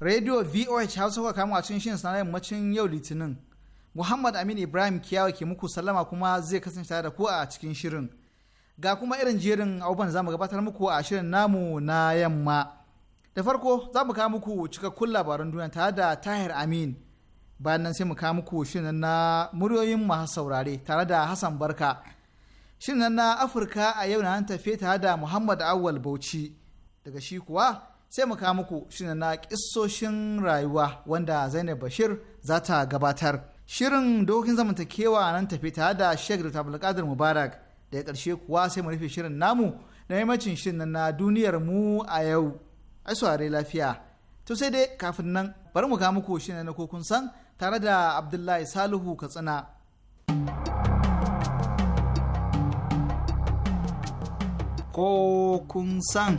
radio voh hausa kuka kama a cikin shirin sanar yammacin yau litinin muhammad amin ibrahim kiyawa ke muku sallama kuma zai kasance tare da ku a cikin shirin ga kuma irin jerin abubuwan za mu gabatar muku a shirin namu na yamma da farko za mu kawo muku cikakkun labaran duniya tare da tahir amin bayan nan sai mu kawo muku shirin na muryoyin masu saurare tare da hassan barka shirin na afirka a yau na tafe tare da muhammad awal bauchi daga shi kuwa sai mu kawo muku shirin na kisoshin rayuwa wanda Zainab Bashir za ta gabatar. Shirin dokin zamantakewa nan tafi tare da Sheikh Dr. Abdulkadir Mubarak da ya ƙarshe kuwa sai mu rufe shirin namu na yammacin shirin na duniyar mu a yau. Ai lafiya. To sai dai kafin nan bari mu kawo muku shine na kokun san tare da Abdullahi Salihu Katsina. Ko kun san.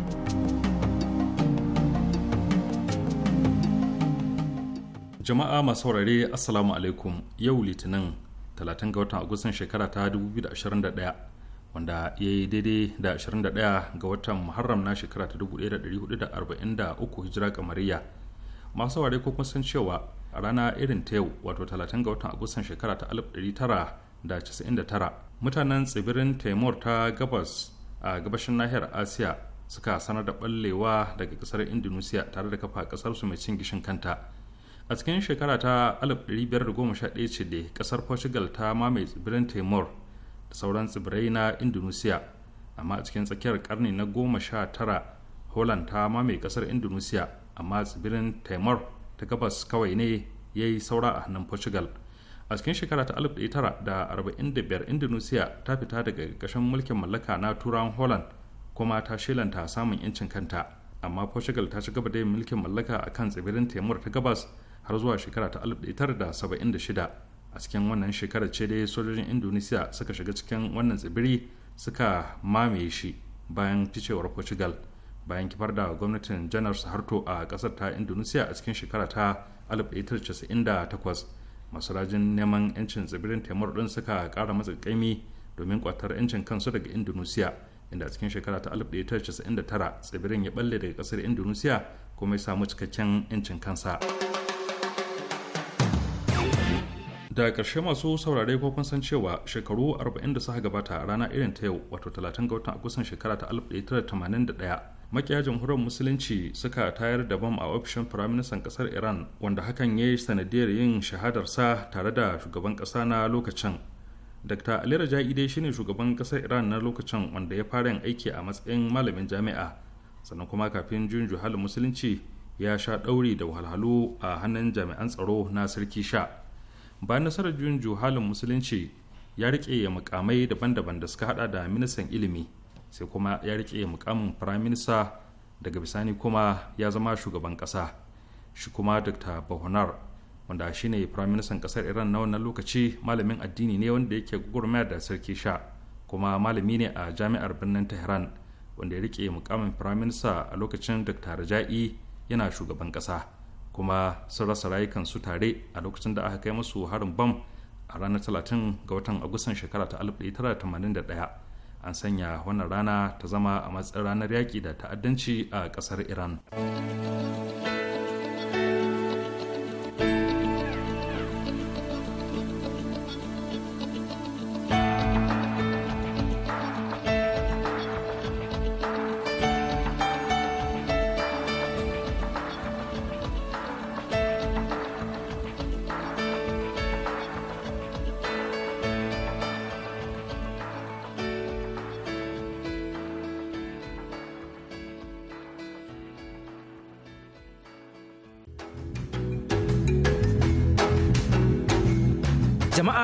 jama'a masu saurare assalamu alaikum yau litinin 30 ga watan agustan shekara ta 2021 wanda ya yi daidai da 21 ga watan muharram na shekara ta 1443 hijira kamariya masu saurare ko kun san cewa a rana irin ta yau wato 30 ga watan agustan shekara ta 1999 mutanen tsibirin taimur ta gabas a gabashin nahiyar asiya suka sanar da ɓallewa daga ƙasar indonesia tare da kafa ƙasarsu su mai cin gishin kanta a cikin shekara ta 1511 ce da kasar portugal ta mamaye tsibirin timor da sauran tsibirai na indonesia amma a cikin tsakiyar karni na 19 holand ta mamaye kasar indonesia amma tsibirin timor ta gabas kawai ne ya yi saura a hannun portugal a cikin shekara ta 1945 indonesia ta fita daga ƙarƙashin mulkin mallaka na turan holand kuma ta shilanta samun 'yancin kanta amma portugal ta ci gaba da yin mulkin mallaka a kan tsibirin timor ta gabas har zuwa shekara ta 1976 a cikin wannan shekarar ce dai sojojin indonesiya suka shiga cikin wannan tsibiri suka mamaye shi bayan ficewar portugal bayan kifar da gwamnatin janar harto a kasar ta indonesiya a cikin shekara ta 1998 masu rajin neman 'yancin tsibirin taimur din suka kara kaimi domin kwatar 'yancin kansu daga indonesiya inda a cikin shekara ta 1999 tsibirin ya balle daga kasar indonesiya kuma ya samu cikakken 'yancin kansa. da ƙarshe masu saurare ko kun san cewa shekaru 40 da suka gabata rana irin ta yau wato 30 ga watan agusan shekara ta 1981 makiya jamhuriyar musulunci suka tayar da bam a ofishin firaministan ƙasar iran wanda hakan ya yi sanadiyar yin shahadarsa tare da shugaban ƙasa na lokacin dr ali rajai dai shine shugaban ƙasar iran na lokacin wanda ya fara yin aiki a matsayin malamin jami'a sannan kuma kafin juyin juhalin musulunci ya sha ɗauri da wahalhalu a hannun jami'an tsaro na sarki sha ba nasarar juyin juhalin musulunci ya rike mukamai daban-daban da suka hada da ministan ilimi sai kuma ya rike mukamin prime minister daga bisani kuma ya zama shugaban kasa shi kuma dr bahonar wanda shine prime minister kasar iran na wannan lokaci malamin addini ne wanda yake gurmayar da sarki sha kuma malami ne a jami'ar birnin tehran wanda ya rike mukamin prime minister a lokacin dr raja'i yana shugaban kasa kuma sun rasa rayukansu tare a lokacin da aka kai musu harin bam a ranar talatin ga watan agustan shekara ta 1981 an sanya wannan rana ta zama a matsayin ranar yaƙi da ta'addanci a ƙasar iran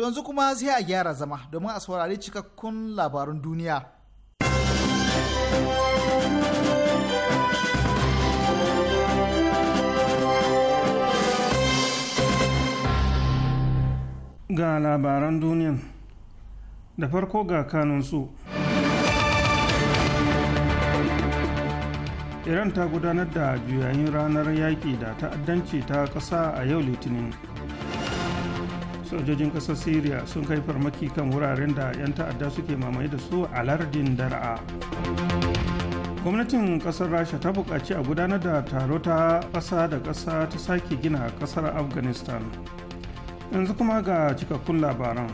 To yanzu kuma sai a gyara zama domin a saurari cikakkun labarun duniya. Ga labaran duniyan da farko ga kanunsu. Iran ta gudanar da juyayin ranar yaƙi da ta'addanci ta ƙasa a yau Litinin. sojojin kasar syria sun kai farmaki kan wuraren da 'yan ta'adda suke mamaye da su a lardin dar'a gwamnatin kasar rasha ta buƙaci a gudanar da taro ta ƙasa da ƙasa ta sake gina ƙasar afghanistan yanzu kuma ga cikakkun labaran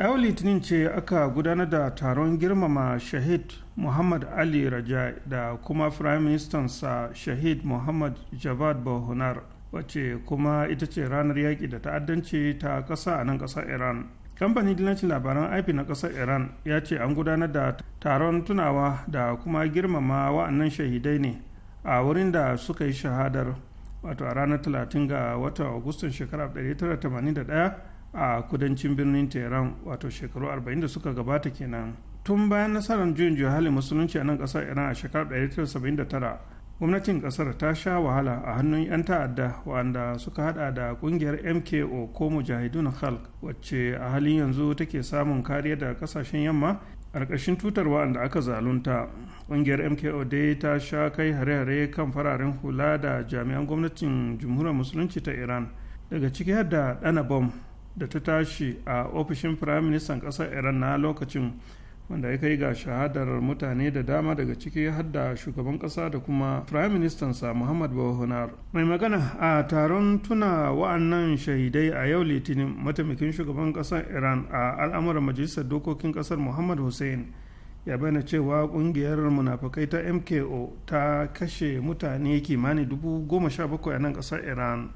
yau litinin ce aka gudanar da taron girmama shahid muhammad ali rajai da kuma firayim ministansa shahid muhammad javad bahunar wacce kuma ita ce ranar yaƙi da ta'addanci ta ƙasa a nan ƙasar iran kamfanin dillancin labaran ip na ƙasar iran ya ce an gudanar da taron tunawa da kuma girmama wa'annan shahidai ne a wurin da suka yi shahadar wato a ranar 30 ga watan agustan shekarar 1981 a kudancin birnin tehran wato shekaru 40 da suka gabata kenan tun bayan nasarar juyin juya hali musulunci a nan ƙasar iran a shekarar 1979 gwamnatin kasar ta sha wahala a hannun 'yan ta'adda wanda suka hada da kungiyar mko ko mujahidun khalq wacce a halin yanzu take samun kariya daga kasashen yamma a ƙarƙashin tutar wa'anda aka zalunta ƙungiyar mko dai ta sha kai hare-hare kan fararen hula da jami'an gwamnatin jamhuriyar musulunci ta iran daga ciki da ɗana bom da ta tashi a ofishin firaministan ƙasar iran na lokacin wanda ya kai ga shahadar mutane da dama daga ciki har da shugaban kasa da kuma prime sa muhammad bahunar mai magana a taron tuna wa'annan shahidai a yau litinin mataimakin shugaban kasar iran a al'amuran majalisar dokokin kasar muhammad hussein ya bayyana cewa kungiyar munafakai ta mko ta kashe mutane kimanin dubu goma sha bakwai a nan kasar iran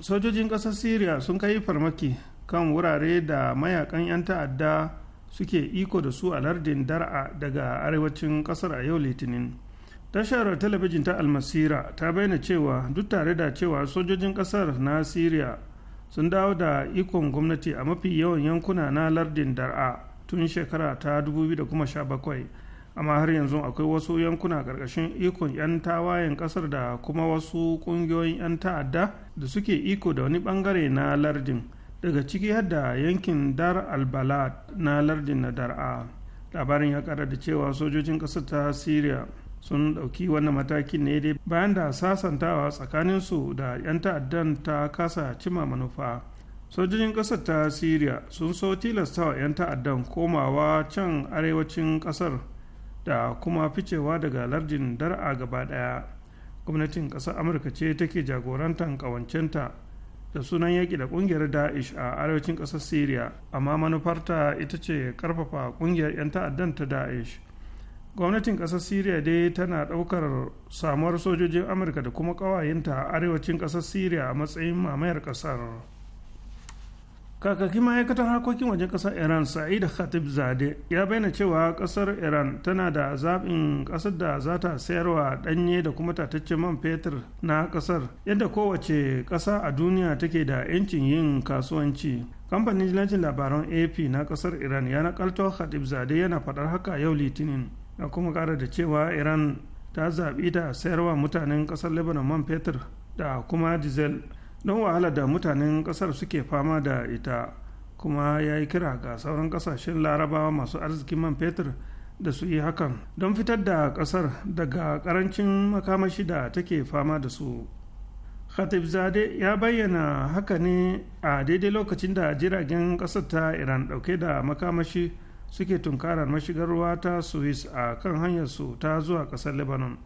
sojojin kasar syria sun kai farmaki kan wurare da mayakan 'yan ta'adda suke iko da su a lardin dar'a daga arewacin kasar a yau litinin tashar talabijin ta almasira ta bayyana cewa duk tare da cewa sojojin kasar na syria sun dawo da ikon gwamnati a mafi yawan yankuna na lardin dar'a tun shekara ta 2017 amma har yanzu akwai wasu yankuna ƙarƙashin ikon 'yan tawayen kasar da kuma wasu ƙungiyoyin 'yan ta'adda da suke iko da wani bangare na lardin daga ciki hadda yankin dar albalad na lardin na dar'a labarin ya kara da cewa sojojin ƙasar ta syria sun ɗauki wannan matakin ne dai bayan da sasantawa tsakaninsu da 'yan ta'addan ta kasa cima manufa sojojin ƙasar ta syria sun so tilasta wa 'yan ta'addan komawa can arewacin ƙasar da kuma ficewa daga lardin dar'a gaba ɗaya gwamnatin ƙasar amurka ce take jagorantar ƙawancenta da sunan yaƙi da ƙungiyar da'ish a arewacin ƙasar syria amma manufarta ita ce ƙarfafa ƙungiyar 'yan ta'addan ta da'ish gwamnatin ƙasar syria dai tana ɗaukar samuwar sojojin amurka da kuma ƙawayenta a arewacin ƙasar syria a matsayin mamayar ƙasar kakakin ma'aikatar harkokin wajen kasar iran sa'id khatib zade ya bayyana cewa kasar iran tana da zaɓin kasar da za ta sayarwa ɗanye da kuma tataccen man fetur na kasar yadda kowace ƙasa a duniya take da 'yancin yin kasuwanci kamfanin jilancin labaran ap na kasar iran ya nakalto khatib zade yana faɗar haka yau litinin da kuma ƙara da cewa iran ta zaɓi ta sayarwa mutanen ƙasar lebanon man fetur da kuma diesel don wahala da mutanen kasar suke fama da ita kuma ya yi kira ga sauran kasashen larabawa masu arzikin man fetur da su yi hakan don fitar da kasar daga karancin makamashi da take fama da su khatib zade ya bayyana haka ne a daidai lokacin da jiragen kasar ta iran dauke da makamashi suke tunkarar mashigar ruwa ta suez a kan hanyar su ta zuwa kasar lebanon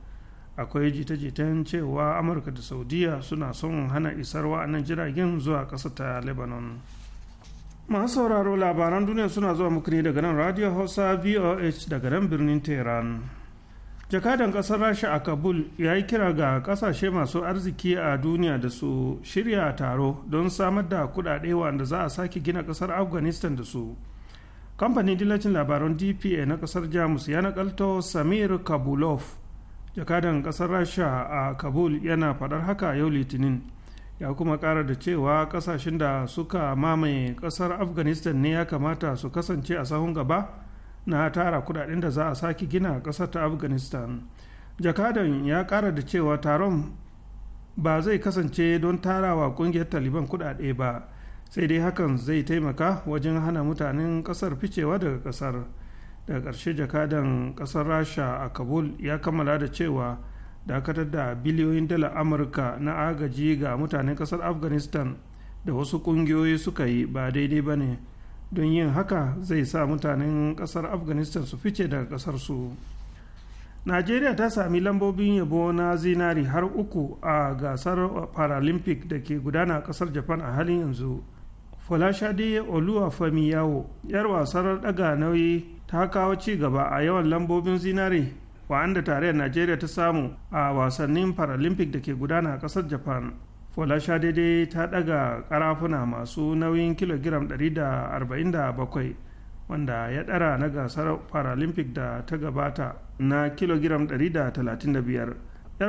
akwai jita-jitan cewa amurka da saudiya suna son hana isar wa'annan jiragen zuwa ƙasa ta lebanon masu sauraro labaran duniya suna zuwa muku ne daga nan radio hausa voh daga nan birnin tehran jakadan ƙasar rasha a kabul ya yi kira ga ƙasashe masu arziki a duniya da su shirya taro don samar da kuɗaɗe wanda za a sake gina ƙasar afghanistan da su kamfanin dillacin labaran dpa na ƙasar jamus ya nakalto samir kabulov jakadan kasar rasha a kabul yana faɗar haka yau litinin ya kuma ƙara da cewa ƙasashen da suka mamaye ƙasar afghanistan ne ya kamata su kasance a sahun gaba na tara kudaden da za a sake gina ƙasar ta afghanistan jakadan ya kara da cewa taron ba zai kasance don tarawa ƙungiyar taliban kudade ba sai dai hakan zai taimaka wajen hana mutanen ƙasar ficewa daga ƙasar. da ƙarshe jakadan ƙasar rasha a kabul ya kammala da cewa dakatar da biliyoyin dala amurka na agaji ga mutanen ƙasar afghanistan da wasu ƙungiyoyi suka yi ba daidai ba ne don yin haka zai sa mutanen ƙasar afghanistan su fice daga ƙasar su najeriya ta sami lambobin yabo na zinari har uku a gasar paralympic da ke gudana a ƙasar japan a halin yanzu folashade famiyawo yar wasar daga nauyi ta kawo ci gaba a yawan lambobin zinare wa'anda tarayyar najeriya ta samu a wasannin paralympic da ke gudana a kasar japan folasha daidai ta daga karafuna masu nauyin kilogiram 147 wanda ya dara na gasar paralympic da ta gabata na kilogiram 135 yar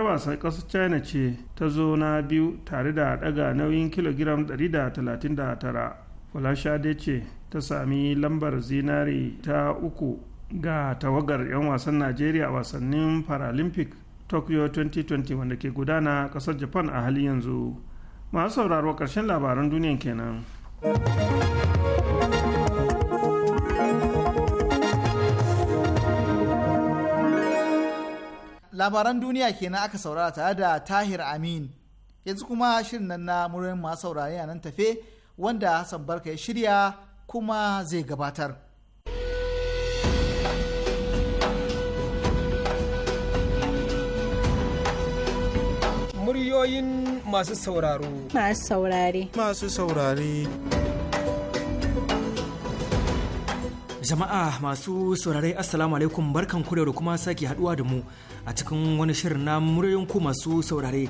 wasan kasar china ce ta zo na biyu tare da daga nauyin kilogiram 139 folasha dai ce ta sami lambar zinari ta uku ga tawagar 'yan wasan najeriya a wasannin paralympic tokyo 2020 wanda ke gudana kasar japan a halin yanzu masu sauraro ƙarshen labaran duniyan kenan. labaran duniya kenan aka saurara tare da tahir amin yanzu kuma shirin nan na muryoyin masu saurare a nan tafe wanda hassan barka ya shirya kuma zai gabatar. Muryoyin masu sauraro. Masu saurare. Masu saurare. Jama'a masu saurare Assalamu alaikum barkan kurewa da kuma sake haduwa da mu a cikin wani shirin na muryoyin ku masu saurare.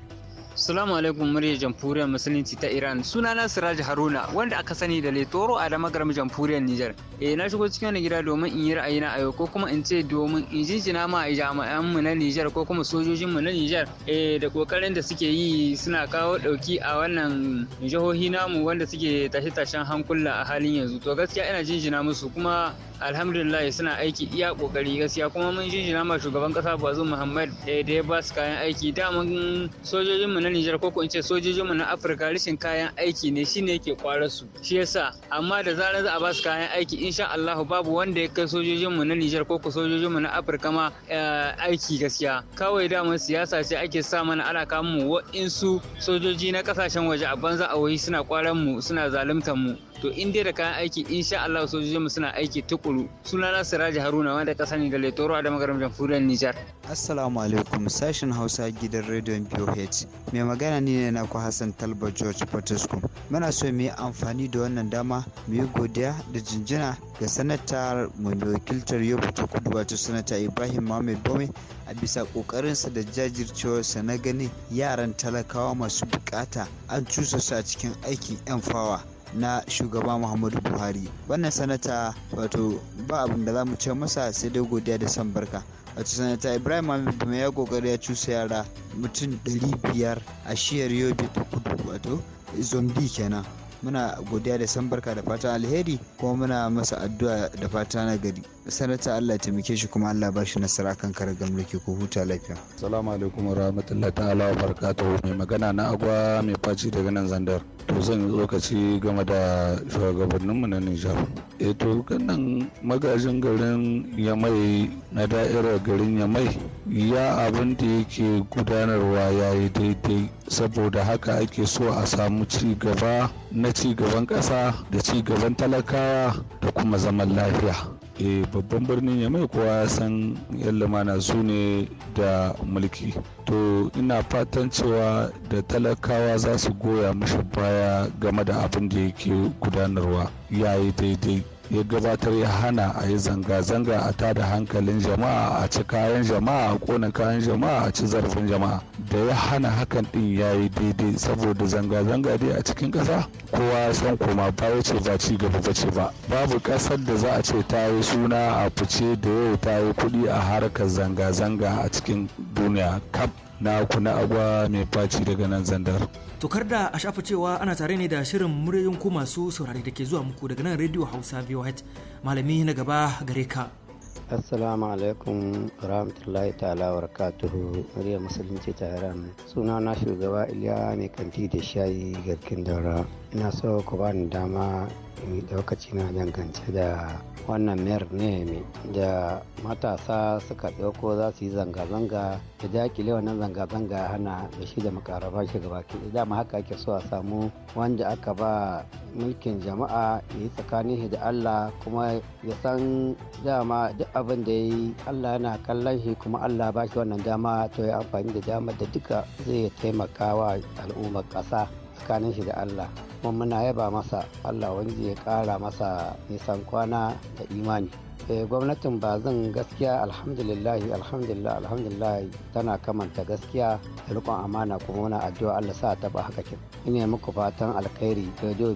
Salamu alaikum muryar jamhuriyar musulunci ta Iran. Sunana Siraj Haruna wanda aka sani da Letoro a garin jamhuriyar Nijar. e na shigo cikin wani gida domin in yi na a yau ko kuma in ce domin in jinjina ma a jami'an mu na Nijar ko kuma sojojin mu na Nijar e da kokarin da suke yi suna kawo dauki a wannan jihohi namu wanda suke tashe-tashen hankula a halin yanzu. To gaskiya ina jinjina musu kuma alhamdulillah suna aiki iya kokari gaskiya kuma mun jinjina ma shugaban kasa Bazoum Muhammad eh, da ya ba su kayan aiki. Da mun sojojin mu na Nijar ko in ce sojojin mu na Afirka rashin kayan aiki ne shine yake kwarar su. Shi yasa amma da zarar za a ba su kayan aiki insha Allah babu wanda ya kai sojojin mu na Nijar ko mu na Afirka ma eh, aiki gaskiya. Kawai damar siyasa ce ake sa mana ana kamun wa'insu sojoji na kasashen waje a banza a wayi suna kwaran mu suna zaluntar mu. to in dai da kayan aiki insha Allah mu suna aiki tukuru sunana Siraji Haruna wanda ka sani da Letoro da magaram jamhuriyar Nijar Assalamu alaikum sashen Hausa gidan rediyon POH mai magana ni ne naku Hassan Talba George Fortescue muna so mu yi amfani da wannan dama mu yi godiya da jinjina ga sanatar mai wakiltar Yobe ta Kudu wato sanata Ibrahim Mohammed Bome a bisa kokarinsa da jajircewarsa na ganin yaran talakawa masu bukata an cusa su a cikin aikin 'yan fawa na shugaba muhammadu buhari wannan sanata wato ba abin da za mu ce masa sai dai godiya da san barka wato sanata ibrahim hamid mai ya kokari ya cusa yara mutum biyar a shiyar yobe ta kudu wato zombi kenan muna godiya da san barka da fatan alheri kuma muna masa addu'a da fata na gari sanata Allah taimake shi kuma Allah ba shi nasara kan kare mulki ko huta lafiya assalamu alaikum wa rahmatullahi ta'ala wa barakatuhu mai magana na agwa mai faci daga nan zandar to zan yi lokaci game da mu na Nijar E, to kannan magajin garin Yamai na da'irar garin Yamai ya abin da yake gudanarwa ya yi daidai saboda haka ake so a samu ci gaba na ci gaban ƙasa da ci gaban talakawa da kuma zaman lafiya e babban birnin ya mai kowa ya san yan lumana su ne da mulki to ina fatan cewa da talakawa za su goya mashi baya game da abin da yake gudanarwa ya yi daidai ya gabatar ya hana a yi zanga-zanga a tada hankalin jama'a a ci kayan jama'a a kona kayan jama'a a ci zarafin jama'a da ya hana hakan din ya yi daidai saboda zanga-zanga dai a cikin ƙasa kowa ya san koma ya ce ba ci gaba ba ce ba babu ƙasar da za a ce ta yi suna a fice da yau ta yi kuɗi a harkar zanga-zanga a cikin duniya kap na kuna agwa mai faci daga nan zandar. To da a shafa cewa ana tare ne da shirin muryoyin ku masu saurari da ke zuwa muku daga nan Radio Hausa VOH malami na gaba gare ka. assalamu alaikum rahmatullahi ta'ala wa rakatuhu murya musulunci ta haram suna na shugaba iliya mai kanti da shayi garkin daura ina so ku ba ni dama lokaci na dangance da wannan mayar ne da matasa suka ɗauko za su yi zanga-zanga da dakile wannan zanga-zanga hana da shi da makaraba shi gaba ke dama haka ake so a samu wanda aka ba mulkin jama'a ya yi tsakanin shi da allah kuma ya san dama duk abin da ya yi allah yana kallon shi kuma allah ba shi wannan dama to ya amfani da dama da duka zai taimaka wa al'ummar ƙasa tsakanin shi da Allah kuma muna yaba masa Allah wanda ya kara masa nisan kwana da imani eh, gwamnatin ba zan gaskiya alhamdulillahi alhamdulillah alhamdulillahi tana kamanta gaskiya da rikon amana kuma muna addu'a Allah sa ta ba haka kin ina muku fatan alkhairi radio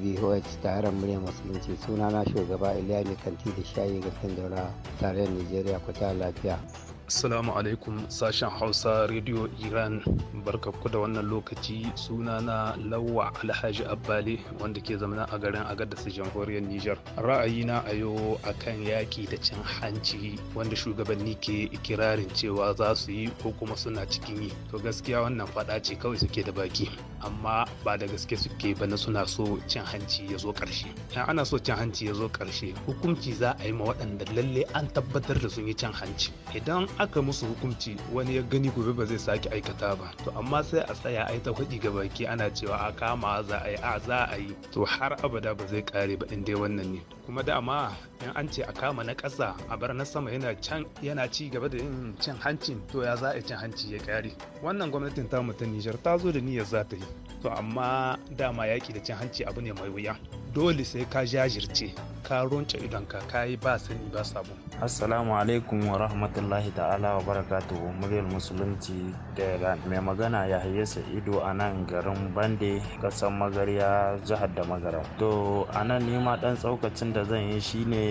ta tare murya musulunci sunana shugaba Iliya kanti da shayi ga daura tare Nigeria ku ta lafiya Assalamu alaikum sashen Hausa Radio Iran barkakku da wannan lokaci sunana Lawwa Alhaji Abbali wanda ke zamana a garin su jamhuriyar Nijar. Ra'ayina a yau akan yaƙi da cin hanci wanda shugabanni ke ikirarin cewa za su yi ko kuma suna cikin yi. To gaskiya wannan faɗa ce kawai suke da baki amma ba da gaske suke ba na suna so cin hanci ya zo ƙarshe. Ya ana so cin hanci ya zo ƙarshe hukunci za a yi ma waɗanda lalle an tabbatar da sun yi cin hanci. Idan aka musu hukunci wani ya gani gobe ba zai sake aikata ba to amma sai a tsaya a yi ta kuɗi ga baki ana cewa a kama za a yi a za a yi to har abada ba zai kare ba in dai wannan ne kuma dama in an ce a kama na ƙasa a bar na sama yana can ci gaba da yin cin hanci, to ya za a cin hanci ya ƙare wannan gwamnatin ta mutum Nijar ta zo da niyyar za ta yi to amma dama yaƙi da cin hanci abu ne mai wuya dole sai ka jajirce ka ronce idonka ka yi ba sani ba sabo assalamu alaikum wa rahmatullahi ta'ala wa barakatuhu muryar musulunci da iran mai magana ya haye Ido a nan garin bande kasan magarya jihar da magara to a nan nema dan tsaukacin da zan yi shine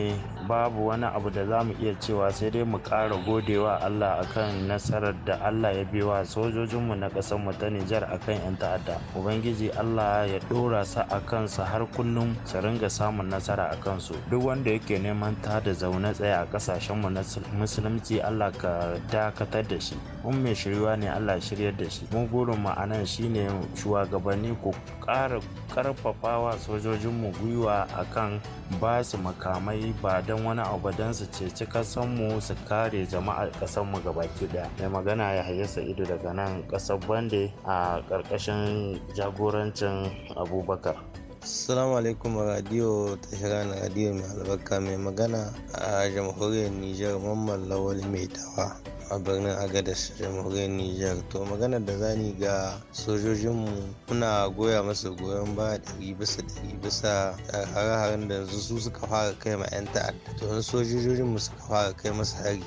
babu wani abu da zamu iya cewa sai dai mu ƙara godewa Allah akan nasarar da Allah ya wa sojojinmu na ƙasar mu ta Nijar akan 'yan ta'adda. Ubangiji Allah ya ɗora su a kansu har kullum su ringa samun nasara a kansu. Duk wanda yake neman ta da zaune tsaye a ƙasashen mu na musulunci Allah ka dakatar da shi. Mun mai shiriwa ne Allah shiryar da shi. Mun burin mu anan shine shugabanni ku ƙara ƙarfafawa sojojinmu gwiwa akan ba su makamai yi ba don wani abu don su ceci mu su kare jama'ar ga gabaki daya mai magana ya sa ido daga nan kasar bande a ƙarƙashin jagorancin abubakar Assalamu alaikum radio ta radiyo radio mai albarka mai magana a jamhuriyar Nijar mamman lawal mai tawa. a birnin agadas jamhuriyar niger to magana da zani ga sojojinmu muna goya masu goyon baya ɗari bisa ɗari bisa hare-haren da yanzu su suka fara kai ma 'yan ta'adda to in sojojinmu suka fara kai masa hari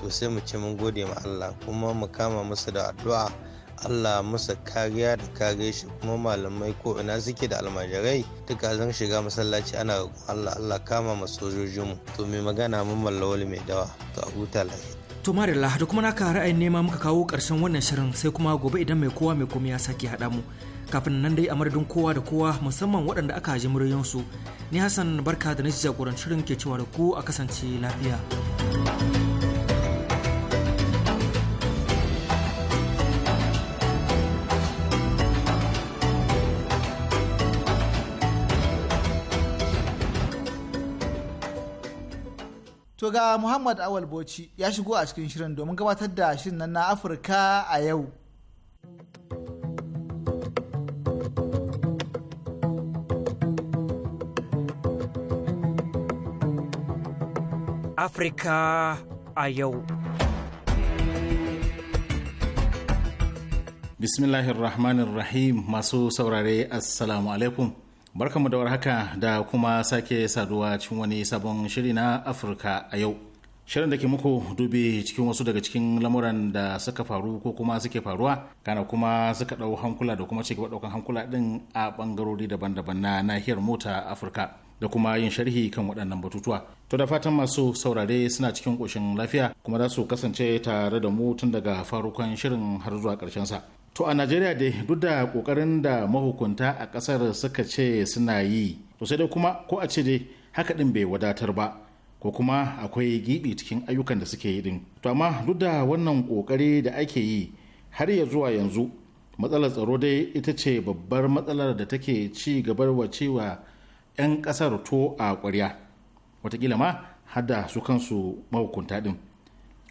to sai mu ce mun gode ma allah kuma mu kama masa da addu'a Allah masa kariya da kare shi kuma malamai ko ina suke da almajirai a zan shiga masallaci ana roƙon Allah Allah kama ma sojojinmu to mai magana mun mallawali mai dawa to a huta lafiya To Marilla da kuma naka ra'ayin nema muka kawo ƙarshen wannan shirin sai kuma gobe idan mai kowa mai komai ya sake haɗa mu. Kafin nan dai a madadin kowa da kowa musamman waɗanda aka ji muryoyinsu. Ni Hassan barka da na jagorancin shirin ke cewa da ku a kasance lafiya. To ga Muhammad Awal Bauchi ya shigo a cikin shirin domin gabatar da shirin nan na Afirka a yau. Afirka a yau. Bismillahirrahmanirrahim masu saurare Assalamu alaikum. Barkanmu da warhaka da kuma sake saduwa cikin wani sabon shiri na Afirka a yau. Shirin da ke muku dubi cikin wasu daga cikin lamuran da suka faru ko kuma suke faruwa, kana kuma suka ɗau hankula da kuma ci gaba ɗaukan hankula ɗin a ɓangarori daban-daban na nahiyar mota Afirka. da kuma yin sharhi kan waɗannan batutuwa. To da fatan masu saurare suna cikin ƙoshin lafiya kuma za su kasance tare da mu tun daga farukan shirin har zuwa ƙarshen sa. to a najeriya dai duk da kokarin da mahukunta a kasar suka ce suna yi to sai dai kuma ko a ce dai haka din bai wadatar ba ko kuma akwai gibi cikin ayyukan da suke yi din to amma duk da wannan kokari da ake yi har ya zuwa yanzu matsalar tsaro dai ita ce babbar matsalar da take ci gabar wacewa 'yan kasar to a kwarya watakila ma hada su kansu mahukunta din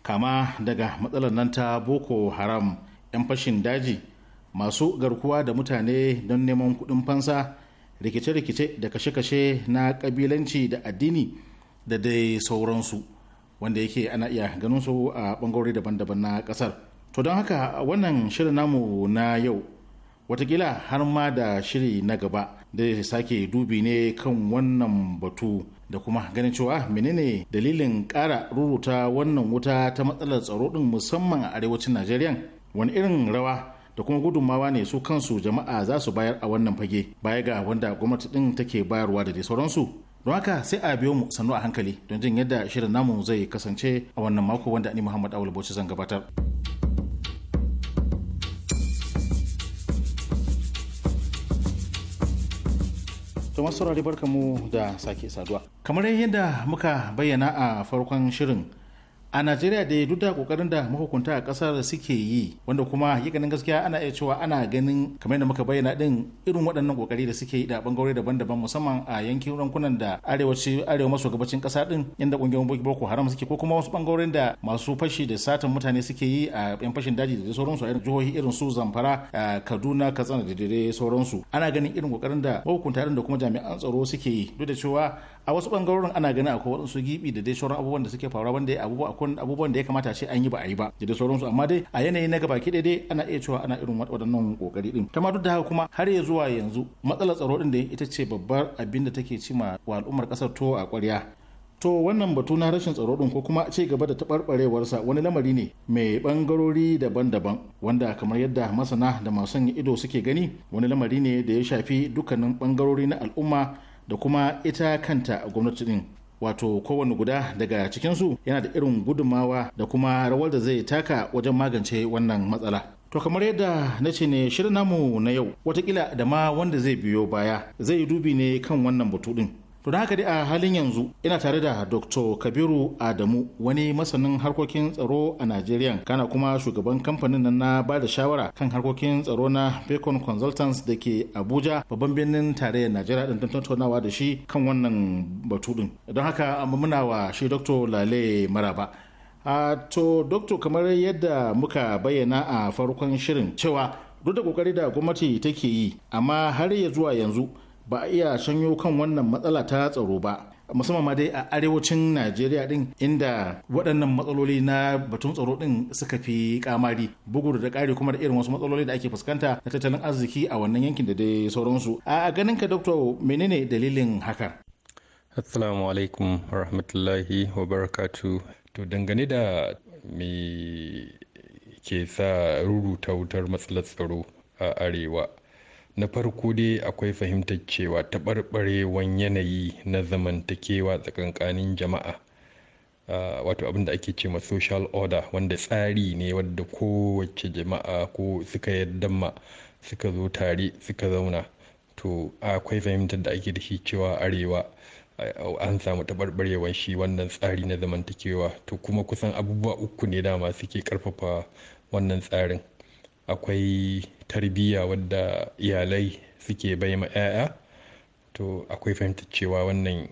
kama daga matsalar nan ta boko haram 'yan fashin daji masu garkuwa da mutane don neman kudin fansa rikice-rikice da kashe-kashe na kabilanci da addini da dai sauransu wanda yake ana iya ganin su a ɓangarori daban-daban na kasar. to don haka wannan shirin namu na yau watakila har ma da shiri na gaba da sake dubi ne kan wannan batu da kuma ganin cewa menene dalilin kara ruruta wannan wuta ta matsalar tsaro din musamman a arewacin najeriya wani irin rawa da kuma gudunmawa ne su kansu jama'a za su bayar a wannan fage baya ga wanda gwamnati din take bayarwa da dai sauransu don haka sai a biyo mu sannu a hankali don jin yadda shirin namu zai kasance a wannan mako wanda ni muhammad awul bauchi zan gabatar to masu barka da sake saduwa kamar yadda muka bayyana a farkon shirin a najeriya da duk da kokarin da mahukunta a kasar suke yi wanda kuma yi ganin gaskiya ana iya cewa ana ganin kamar da muka bayyana din irin waɗannan kokari da suke yi da bangarori daban-daban musamman a yankin rankunan da arewaci arewa maso gabacin kasa din inda kungiyoyin boko haram suke ko kuma wasu bangarorin da masu fashi da satan mutane suke yi a yan fashin daji da sauransu a irin jihohi irin su zamfara kaduna katsina da dai sauransu ana ganin irin kokarin da mahukunta da kuma jami'an tsaro suke yi duk da cewa a wasu bangarorin ana ganin akwai waɗansu gibi da dai sauran abubuwan da suke faruwa wanda abubuwan da ya kamata ce an yi ba a yi ba da dai sauransu amma dai a yanayi na gabaki ɗaya dai ana iya cewa ana irin waɗannan kokari din ta matu da haka kuma har ya zuwa yanzu matsalar tsaro din da ita ce babbar abin da take ma wa al'ummar ƙasar to a ƙwarya to wannan batu na rashin tsaro din ko kuma ce gaba da taɓarɓarewarsa wani lamari ne mai ɓangarori daban-daban wanda kamar yadda masana da masu ido suke gani wani lamari ne da ya shafi dukkanin ɓangarori na al'umma da kuma ita kanta gwamnati din wato kowane guda daga cikinsu yana da irin gudunmawa da kuma rawar da zai taka wajen magance wannan matsala To kamar yadda na ce ne shirin namu na yau watakila da ma wanda zai biyo baya zai dubi ne kan wannan batu din To da haka dai a halin yanzu ina tare da Dr. Kabiru Adamu wani masanin harkokin tsaro a Najeriya kana kuma shugaban kamfanin nan na ba da shawara kan harkokin tsaro na Bacon Consultants da ke Abuja babban birnin tarayyar Najeriya din tattaunawa da shi kan wannan batu din. Don haka muna wa shi Dr. Lale Maraba. A to Dr. kamar yadda muka bayyana a farkon shirin cewa duk da kokari da gwamnati take yi amma har ya zuwa yanzu ba a iya sanyo kan wannan matsala ta tsaro ba musamman ma dai a arewacin najeriya din inda waɗannan matsaloli na batun tsaro din suka fi kamari bugu da ƙari kuma da irin wasu matsaloli da ake fuskanta na tattalin arziki a wannan yankin da dai sauransu a ganin ka doktor menene dalilin haka assalamu alaikum rahmatullahi wa barakatu to dangane da me ke sa ruruta wutar matsalar tsaro a arewa na farko dai akwai fahimtar cewa taɓarɓarewan yanayi na zamantakewa tsakankanin jama'a wato abin ake ce ma social order wanda tsari ne wadda kowace jama'a ko suka yadda ma suka zo tare suka zauna to akwai fahimtar da ake da shi cewa arewa an samu taɓarɓarewar shi wannan tsari na zamantakewa to kuma kusan abubuwa uku ne dama suke ƙarfafa wannan tsarin akwai tarbiyya wadda iyalai suke bai ma 'ya'ya to akwai fahimtar cewa wannan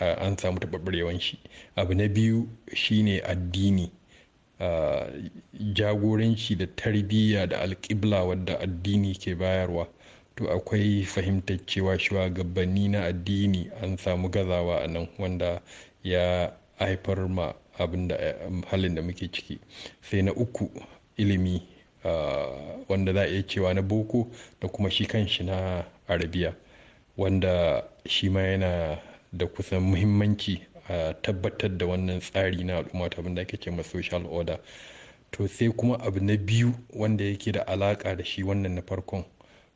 an samu taɓarɓarewan shi abu na biyu shine addini jagoranci da tarbiyya da alƙibla wadda addini ke bayarwa to akwai fahimtar cewa shugabanni na addini an samu gazawa a nan wanda ya haifar ma abin da halin da muke ciki sai na uku ilimi wanda za a iya cewa na boko da kuma shi kanshi na arabiya wanda shi ma yana da kusan muhimmanci a tabbatar da wannan tsari na al'umma ta abinda ake ce ma social order to sai kuma abu na biyu wanda yake da alaka da shi wannan na farkon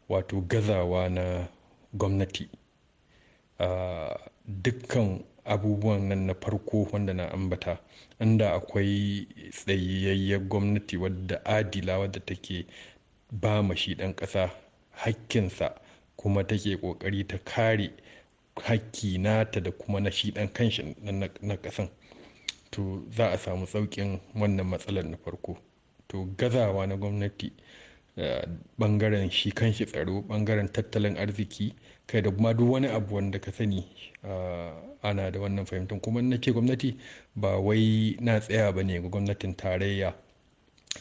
wato gazawa na gwamnati dukkan abubuwan nan na farko wanda na ambata inda akwai tsayayyar gwamnati wadda adila wadda take ba ma shi ɗan ƙasa hakkinsa kuma take ƙoƙari ta kare hakki nata da kuma na shi ɗan kanshi na ƙasan to za a samu sauƙin wannan matsalar na farko to gazawa na gwamnati bangaren eh, shi kanshi tsaro bangaren tattalin arziki kai da kuma duk wani abu wanda ka sani ana da wannan fahimtar kuma na ce gwamnati ba wai na tsaya ba ne ga gwamnatin tarayya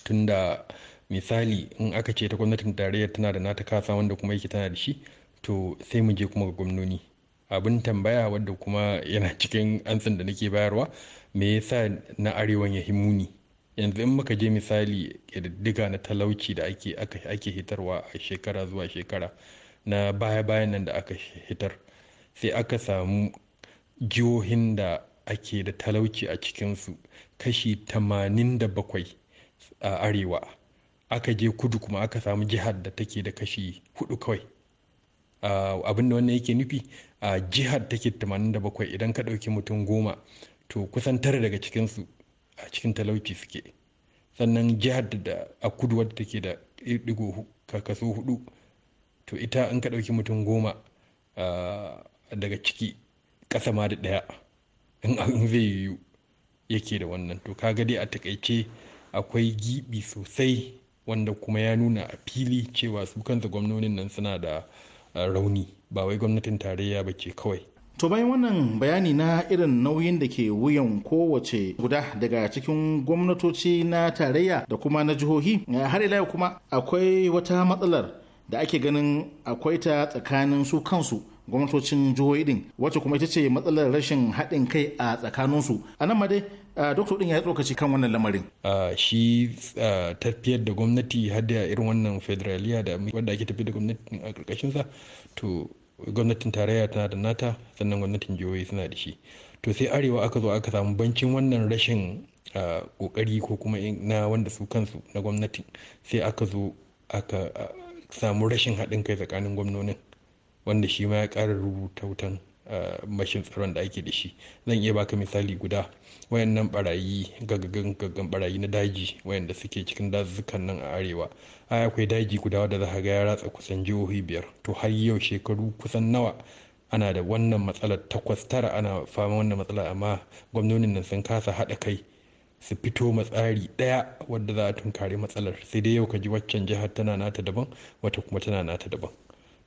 tunda misali in aka ce ta gwamnatin tarayya tana da nata kasa wanda kuma yake tana da shi to sai mu je kuma ga gwamnoni abin tambaya wadda kuma yana cikin ansan da nake bayarwa me yasa na arewan ya himuni yanzu in muka je misali ƙididdiga na talauci da ake hitarwa a shekara zuwa shekara na baya-bayan nan da aka hitar sai aka samu jihohin da ake da talauci a cikinsu kashi 87 a arewa aka je kudu kuma aka samu jihar da take da kashi hudu kawai abinda wannan yake nufi a jihar take 87 idan ka ɗauki mutum goma to kusan tara daga cikinsu a cikin talauci suke sannan jihar da a kudu wadda take da digo kaso hudu to ita in ka ɗauki mutum goma ah, daga ciki ƙasa ma da ɗaya in abin zai yiwu yake da wannan to ka dai a takaice akwai gibi sosai wanda kuma ya nuna a fili cewa su kansa gwamnonin nan suna da ah, rauni ba wai gwamnatin tarayya ba ce kawai to bayan wannan bayani na irin nauyin da ke wuyan kowace guda daga cikin gwamnatoci na tarayya da kuma na jihohi eh, har ila kuma akwai wata matsalar da ake ganin akwai ta tsakanin su kansu gwamnatocin jihohi din wacce kuma ita ce matsalar rashin haɗin kai a tsakaninsu a nan ma dai doktor din ya tsokaci kan wannan lamarin shi tafiyar da gwamnati har irin wannan federaliya da wanda ake tafiyar da gwamnati a ƙarƙashin sa to gwamnatin tarayya tana da nata sannan gwamnatin jihohi suna da shi to sai arewa aka zo aka samu bancin wannan rashin kokari ko kuma na wanda su kansu na gwamnati sai aka zo aka samu rashin haɗin kai tsakanin gwamnonin wanda shi ma ya ƙara rubuta wutan eh, mashin tsaron da ake da shi zan iya baka misali guda wayannan barayi gaggan barayi na daji wayanda suke cikin dazukan nan a arewa a akwai daji guda wadda za ga ya ratsa kusan jihohi biyar to har yau shekaru kusan nawa ana da wannan matsalar takwas tara ana fama wannan matsalar amma gwamnonin nan sun kasa haɗa kai su fito matsari ɗaya wadda za a tunkari matsalar sai dai yau ka ji waccan jihar tana nata daban wata kuma tana nata daban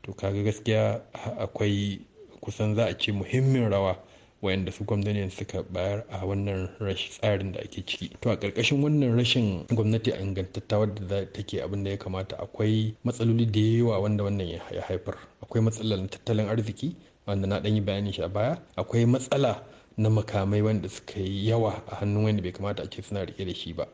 to kaga gaskiya akwai kusan za a ce muhimmin rawa wayanda su gwamnati suka bayar a wannan rashin tsarin da ake ciki to a ƙarƙashin wannan rashin gwamnati a ingantatta wadda take abin da ya kamata akwai matsaloli da yawa wanda wannan ya haifar akwai matsalar tattalin arziki wanda na ɗan yi bayani shi a baya akwai matsala na makamai wanda suka yi yawa a hannun wanda bai kamata a ce suna rike da shi ba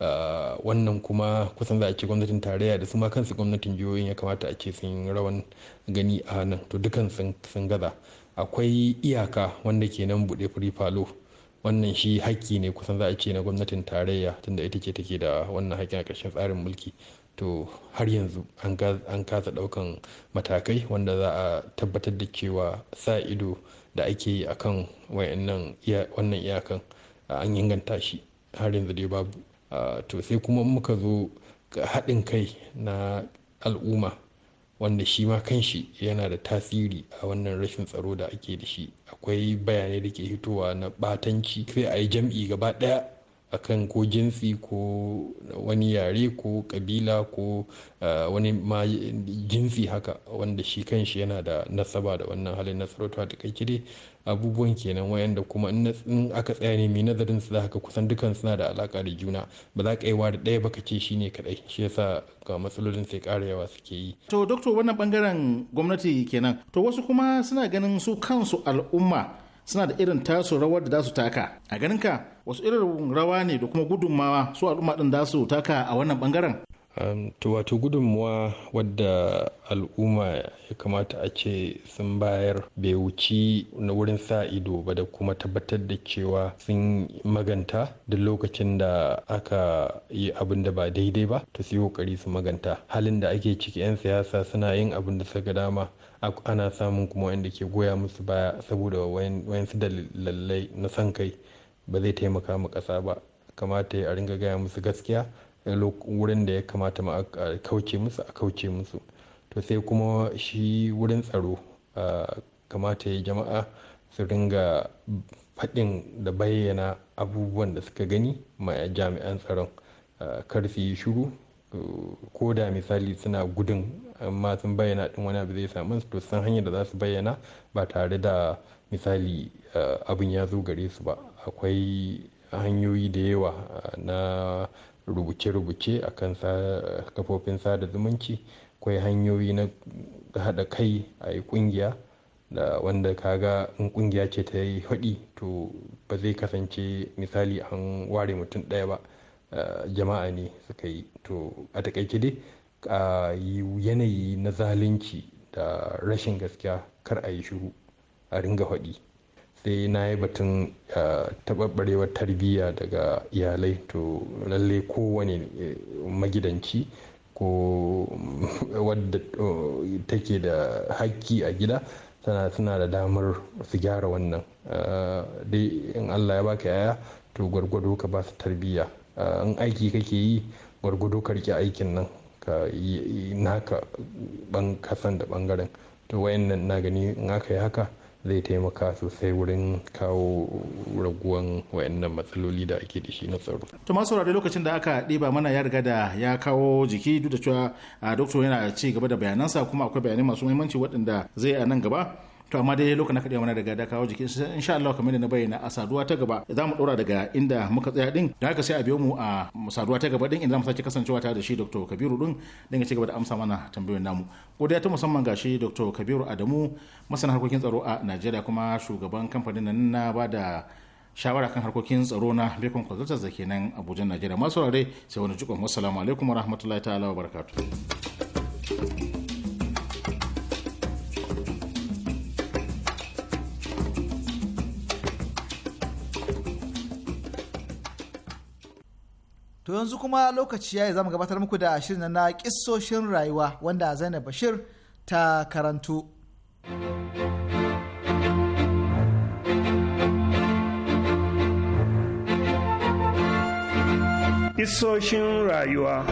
ah, wannan kuma kusan za a ce gwamnatin tarayya da su ma kansu gwamnatin jihohin ya kamata a ce sun rawan gani a nan to dukan sun gaza akwai iyaka wanda ke nan buɗe firifalo falo wannan shi haƙƙi ne kusan za a ce na gwamnatin tarayya tunda ita ce take da wannan haƙƙin a ƙarshen tsarin mulki to har yanzu an kasa ɗaukan matakai wanda za a tabbatar da cewa sa ido da ake yi akan wayannan wannan iyakan an inganta shi har yanzu dai babu to sai kuma muka zo ga haɗin kai na al'umma wanda shi ma kanshi yana da tasiri a wannan rashin tsaro da ake da shi akwai bayanai da ke hitowa na batanci sai a yi jam'i gaba ɗaya akan ko jinsi ko wani yare ko kabila ko wani ma jinsi haka wanda shi kanshi yana da nasaba da wannan halin na sarauta ta kai abubuwan kenan wayanda kuma in aka tsaya ne mai nazarin su ka kusan dukan suna da alaka da juna ba za ka yi da ɗaya ba ka ce ne kadai shi yasa ga matsalolin sai ƙara yawa suke yi to doctor wannan bangaren gwamnati kenan to wasu kuma suna ganin su kansu al'umma suna da irin tasu rawar da za su taka a ganin ka wasu irin rawa ne da kuma gudunmawa su al'umma din da su taka a wannan bangaren to wato gudunmawa wadda al'umma ya kamata a ce sun bayar bai wuci na wurin sa ido ba da kuma tabbatar da cewa sun maganta da lokacin da aka yi abin da ba daidai ba ta su yi su maganta halin da ake ciki 'yan siyasa suna yin abin da suka dama ana samun kuma wanda ke goya musu baya saboda wayansu dalilai na san kai ba zai taimaka ma ƙasa ba kamata ya ringa gaya musu gaskiya wurin da ya kamata ma a kauce musu a kauce musu to sai kuma shi wurin tsaro kamata ya jama'a su ringa faɗin da bayyana abubuwan da suka gani ma jami'an tsaron kar su yi shuru ko da misali suna gudun amma sun bayyana ɗin wani abu zai samu to san hanyar da za su bayyana ba tare da misali abin ya zo gare su ba akwai hanyoyi da yawa eh, na rubuce-rubuce a kan kafofin sada zumunci akwai hanyoyi na haɗa kai a yi ƙungiya da wanda ka ga in ƙungiya ce ta yi haɗi to ba zai kasance misali an ware mutum ɗaya ba eh, jama'a ne suka yi to a taƙaice dai a yanayi na zalunci da rashin gaskiya kar a yi shiru a ringa haɗi sai na yi batun taɓarɓarewar tarbiyya daga iyalai to lalle kowane e, magidanci ko wadda take da hakki a gida tana suna da damar su gyara wannan dai in allah ya baka yaya to gwargwado ka ba su tarbiyya in aiki kake yi gwargwado ka rike aikin nan ka naka ban kasan da bangaren to nan na gani in aka yi haka zai taimaka sosai wurin kawo raguwan wayannan matsaloli da ake da shi na tsaro. Tomas masu lokacin da aka ɗiba mana ya riga da ya kawo jiki duk da cewa ah, doktor yana ci gaba da bayanansa kuma akwai bayanai masu muhimmanci waɗanda zai a nan gaba to amma dai lokacin kaɗai mana daga da kawo jikin sai insha Allah kamar da na bayyana a saduwa ta gaba za mu ɗora daga inda muka tsaya din da haka sai a biyo mu a saduwa ta gaba din inda mu sake kasancewa tare da shi Dr. Kabiru din dan ya ci gaba da amsa mana tambayoyin namu godiya ta musamman ga shi Dr. Kabiru Adamu masana harkokin tsaro a Najeriya kuma shugaban kamfanin nan na ba da shawara kan harkokin tsaro na Bekon Consultants da ke nan Abuja Najeriya masu saurare sai wani jikon wassalamu alaikum warahmatullahi ta'ala wa To yanzu kuma lokaci ya yi zama gabatar muku da shirin na kissoshin rayuwa wanda Zainab Bashir ta karanto. Kissoshin rayuwa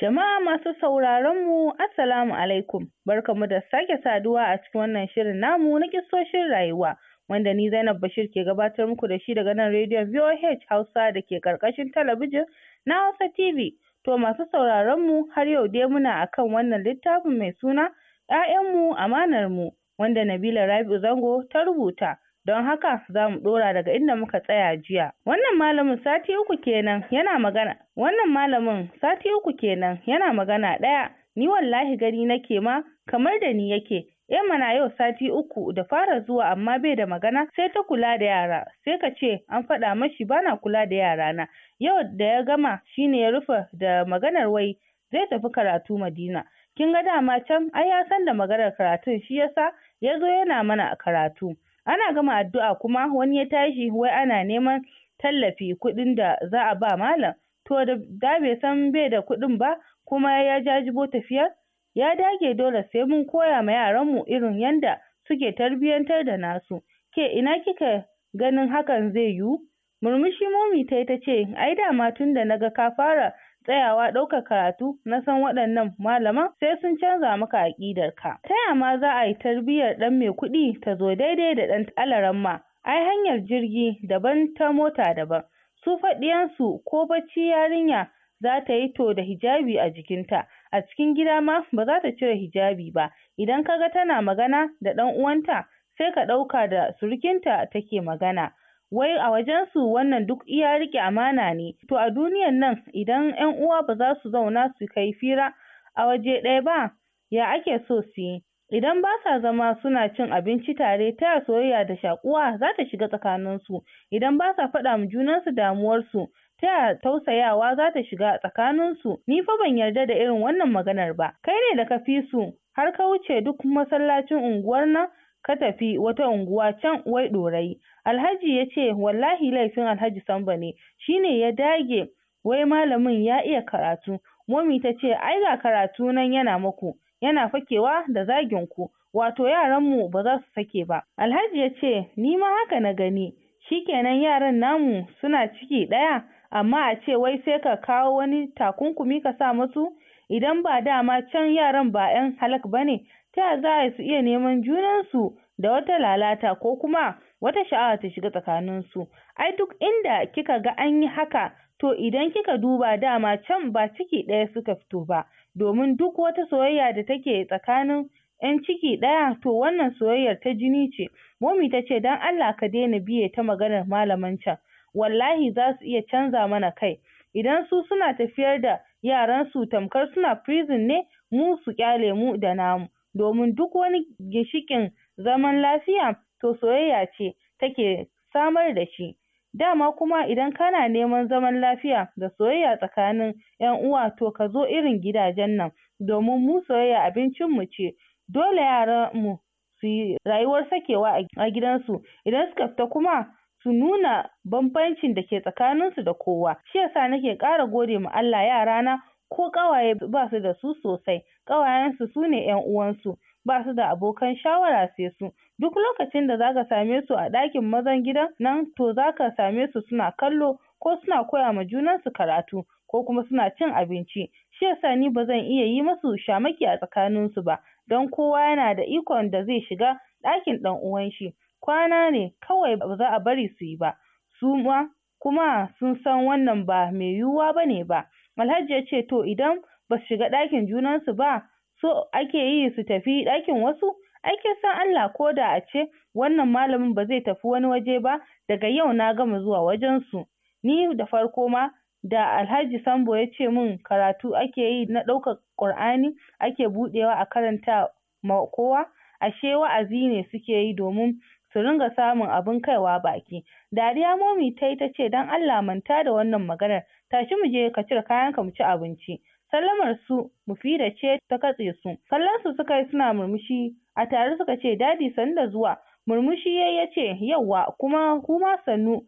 Jama'a masu sauraronmu, Assalamu alaikum, barkamu da sake saduwa a cikin wannan shirin namu na kissoshin rayuwa. wanda ni Zainab Bashir ke gabatar muku da shi daga nan rediyon VOH Hausa da ke karkashin talabijin na Hausa TV. To masu sauraron mu har yau dai muna akan wannan littafin mai suna ‘Ya'yanmu amanar mu wanda Nabila Rabi'u Zango ta rubuta. Don haka za mu ɗora daga inda muka tsaya jiya. Wannan malamin sati uku kenan yana magana. Wannan malamin sati uku kenan yana magana ɗaya. Ni wallahi gani nake ma kamar da ni yake. Yamma na yau sati uku da fara zuwa amma bai da magana sai ta kula da yara sai ka ce an faɗa mashi bana kula da yara na yau da ya gama shine ya rufe da maganar wai zai tafi karatu Madina kin ga dama can ai ya san da maganar karatun shi yasa ya zo yana mana karatu ana gama addu'a kuma wani ya tashi wai ana neman tallafi kuɗin da za a ba malam to da bai san bai da kuɗin ba kuma ya jajibo tafiyar Ya dage dole sai mun koya ma yaranmu irin yanda suke tarbiyyantar da nasu. Ke ina kika ganin hakan zai yiwu? Murmushi Momi ta yi ta ce, ai dama tun da na ka fara tsayawa ɗaukar karatu na san waɗannan malaman sai sun canza maka aƙidar Ta ya ma za a yi tarbiyyar ɗan mai kuɗi ta zo daidai da ɗan ma. Ai hanyar jirgi daban ta mota daban. Su faɗiyansu ko bacci yarinya za ta yi to da hijabi a jikinta. a cikin gida ma ba za ta cire hijabi ba idan ka ga tana magana da ɗan uwanta sai ka ɗauka da surukinta take magana wai a wajen su wannan duk iya riƙe amana ne to a duniyan nan idan 'yan uwa ba za su zauna su kai fira a waje ɗaya ba ya ake so su yi idan ba sa zama suna cin abinci tare ta soyayya da shakuwa za ta shiga tsakaninsu idan ba sa faɗa ma junansu damuwarsu ta tausayawa za ta shiga tsakaninsu ni fa ban yarda da irin wannan maganar ba kai ne da ka fi su har ka wuce duk masallacin unguwar nan ka tafi wata unguwa can wai dorai alhaji ya ce wallahi laifin alhaji samba ne shine ya dage wai malamin ya iya karatu momi ta ce ai ga karatu nan yana maku yana fakewa da zagin ku wato yaranmu ba za su sake ba alhaji ya ce ni ma haka na gani shikenan yaran namu suna ciki ɗaya amma a ce wai sai ka kawo wani takunkumi ka sa musu idan ba dama can yaran ba 'yan halak ba ne ta za su iya neman junansu da wata lalata ko kuma wata sha'awa ta shiga tsakaninsu ai duk inda kika ga an yi haka to idan kika duba dama can ba ciki ɗaya suka fito ba domin duk wata soyayya da take tsakanin 'yan ciki ɗaya to wannan soyayyar ta jini ce momi ta ce don allah ka daina biye ta maganar malaman can wallahi za su iya canza mana kai idan su suna tafiyar da yaran su tamkar suna prison ne mu su kyale mu da namu domin duk wani ginshikin zaman lafiya to soyayya ce take samar da shi dama kuma idan kana neman zaman lafiya da soyayya tsakanin yan uwa to ka zo irin gidajen nan domin mu soyayya abincin mu ce dole yaran mu su yi rayuwar sakewa a gidansu idan suka fita kuma su nuna bambancin da ke tsakaninsu da kowa shi yasa nake ƙara gode ma Allah yarana ko ƙawaye ba su da su sosai ƙawayensu su ne ƴan uwansu ba su da abokan shawara sai su duk lokacin da zaka same su a ɗakin mazan gidan nan to zaka same su suna kallo ko suna koya ma junansu karatu ko kuma suna cin abinci shi yasa ni ba zan iya yi musu shamaki a tsakaninsu ba don kowa yana da ikon da zai shiga ɗakin ɗan uwan shi kwana ne kawai ba za a bari su yi ba su ma kuma sun san wannan ba mai yiwuwa ba ne ba Alhaji ya ce to idan ba su shiga ɗakin junansu ba so ake yi su tafi ɗakin wasu ake san Allah ko da a ce wannan malamin ba zai tafi wani waje ba daga yau na gama zuwa wajensu ni da farko ma da Alhaji Sambo ya ce min karatu ake yi na ɗaukar Ƙur'ani ake buɗewa a karanta ma kowa ashe wa'azi ne suke yi domin su ringa samun abin kaiwa baki. Dariya momi ta yi ta ce don Allah manta da wannan maganar tashi muje ka cire kayanka mu ci abinci. Sallamar su mufida ce ta katse su. Kallon su suka yi suna murmushi a tare suka ce dadi sannu da zuwa. Murmushi yayi ya ce kuma kuma sannu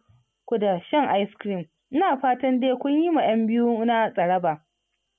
ku da shan ice cream. Ina fatan dai kun yi ma 'yan biyu na tsaraba.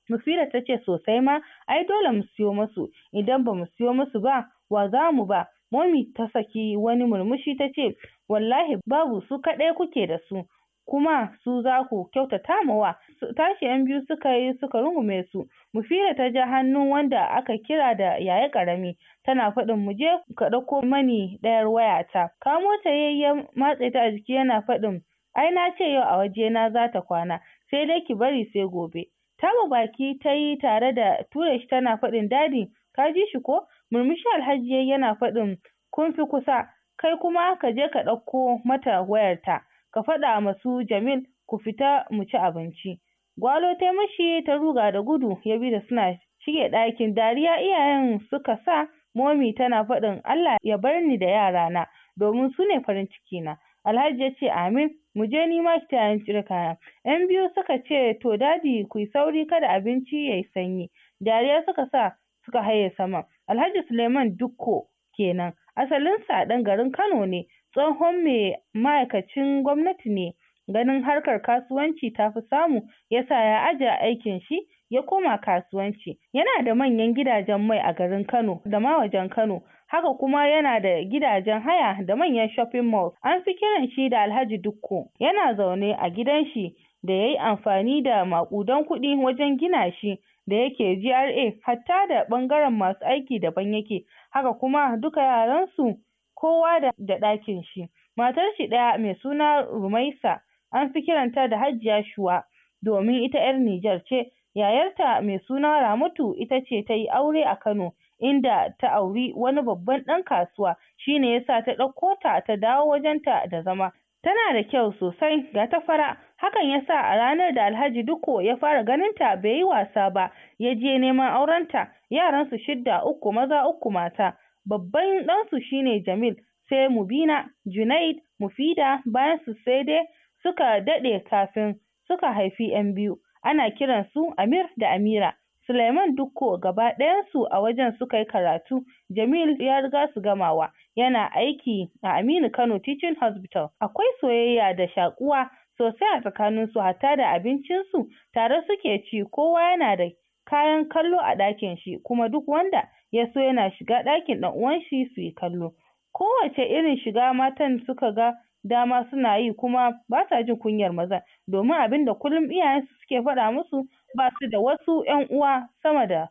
Mufira ta ce sosai ma ai dole mu siyo musu idan ba mu siyo musu ba wa za mu ba Momi ta saki wani murmushi ta ce, Wallahi babu su kaɗai kuke da su, kuma su za ku kyautata mawa. Tashi ‘yan biyu suka yi suka rungume su. Mufira ta ja hannun wanda aka kira da yaya ƙarami, tana faɗin mu je ka ɗauko mani ɗayar wayata. Kamo ta yayya matse ta a jiki yana faɗin ai na ce yau a waje za ta kwana, sai dai ki bari sai gobe. Taba baki ta yi tare da ture shi tana faɗin dadi, ka ji shi ko? murmushi alhaji yana faɗin kun fi kusa kai kuma ka je ka ɗauko mata wayarta ka faɗa masu Jamil ku fita mu ci abinci gwalo ta mashi ta ruga da gudu ya bi da suna shige ɗakin dariya iyayen suka sa momi tana faɗin Allah ya bar ni da yarana domin su ne farin ciki na Alhaji ya ce amin mu je ni ma ta cire kaya yan biyu suka ce to dadi ku yi sauri kada abinci ya sanyi dariya suka sa suka haye sama Alhaji Suleiman Dukko kenan, asalinsa ɗan garin Kano ne, tsohon mai ma'aikacin gwamnati ne, ganin harkar kasuwanci ta fi samu ya sa ya aje aikin shi ya koma kasuwanci. Yana da manyan gidajen mai a garin Kano da ma wajen Kano, haka kuma yana da gidajen haya da manyan shopping mall. An fi kiran shi da Alhaji Dukko. Yana zaune a gidan shi da ya yi amfani da maƙudan kuɗi wajen gina shi da yake GRA hatta da ɓangaren masu aiki daban yake haka kuma duka yaransu kowa da ɗakin shi matar shi ɗaya mai suna Rumaisa an fi kiranta da Hajiya Shuwa domin ita 'yar Nijar ce yayarta mai suna Ramatu ita ce ta yi aure a Kano inda ta auri wani babban ɗan kasuwa shine yasa ta ɗauko ta ta dawo wajenta da zama Tana da kyau sosai ga ta fara, hakan ya sa a ranar da Alhaji Duko ya fara ganinta bai yi wasa ba, ya je neman aurenta, yaransu shidda uku maza uku mata, babban ɗansu shine Jamil, sai Mubina, Junaid, Mufida, bayan su sai dai suka daɗe kafin suka haifi ‘yan biyu, ana kiransu Amir da Amira. Suleiman Dukko gaba ɗayansu a wajen suka yi karatu, Jamil ya riga su gamawa, yana aiki a Aminu Kano Teaching Hospital. Akwai soyayya da shakuwa sosai a tsakanin su hatta da abincinsu tare suke ci kowa yana da kayan kallo a ɗakin shi kuma duk wanda ya so yana shiga ɗakin ɗan uwan shi su yi kallo. Kowace irin shiga matan suka ga dama suna yi kuma ba sa jin kunyar maza, domin abin da kullum iyayensu suke faɗa musu ba su da wasu ƴan uwa sama da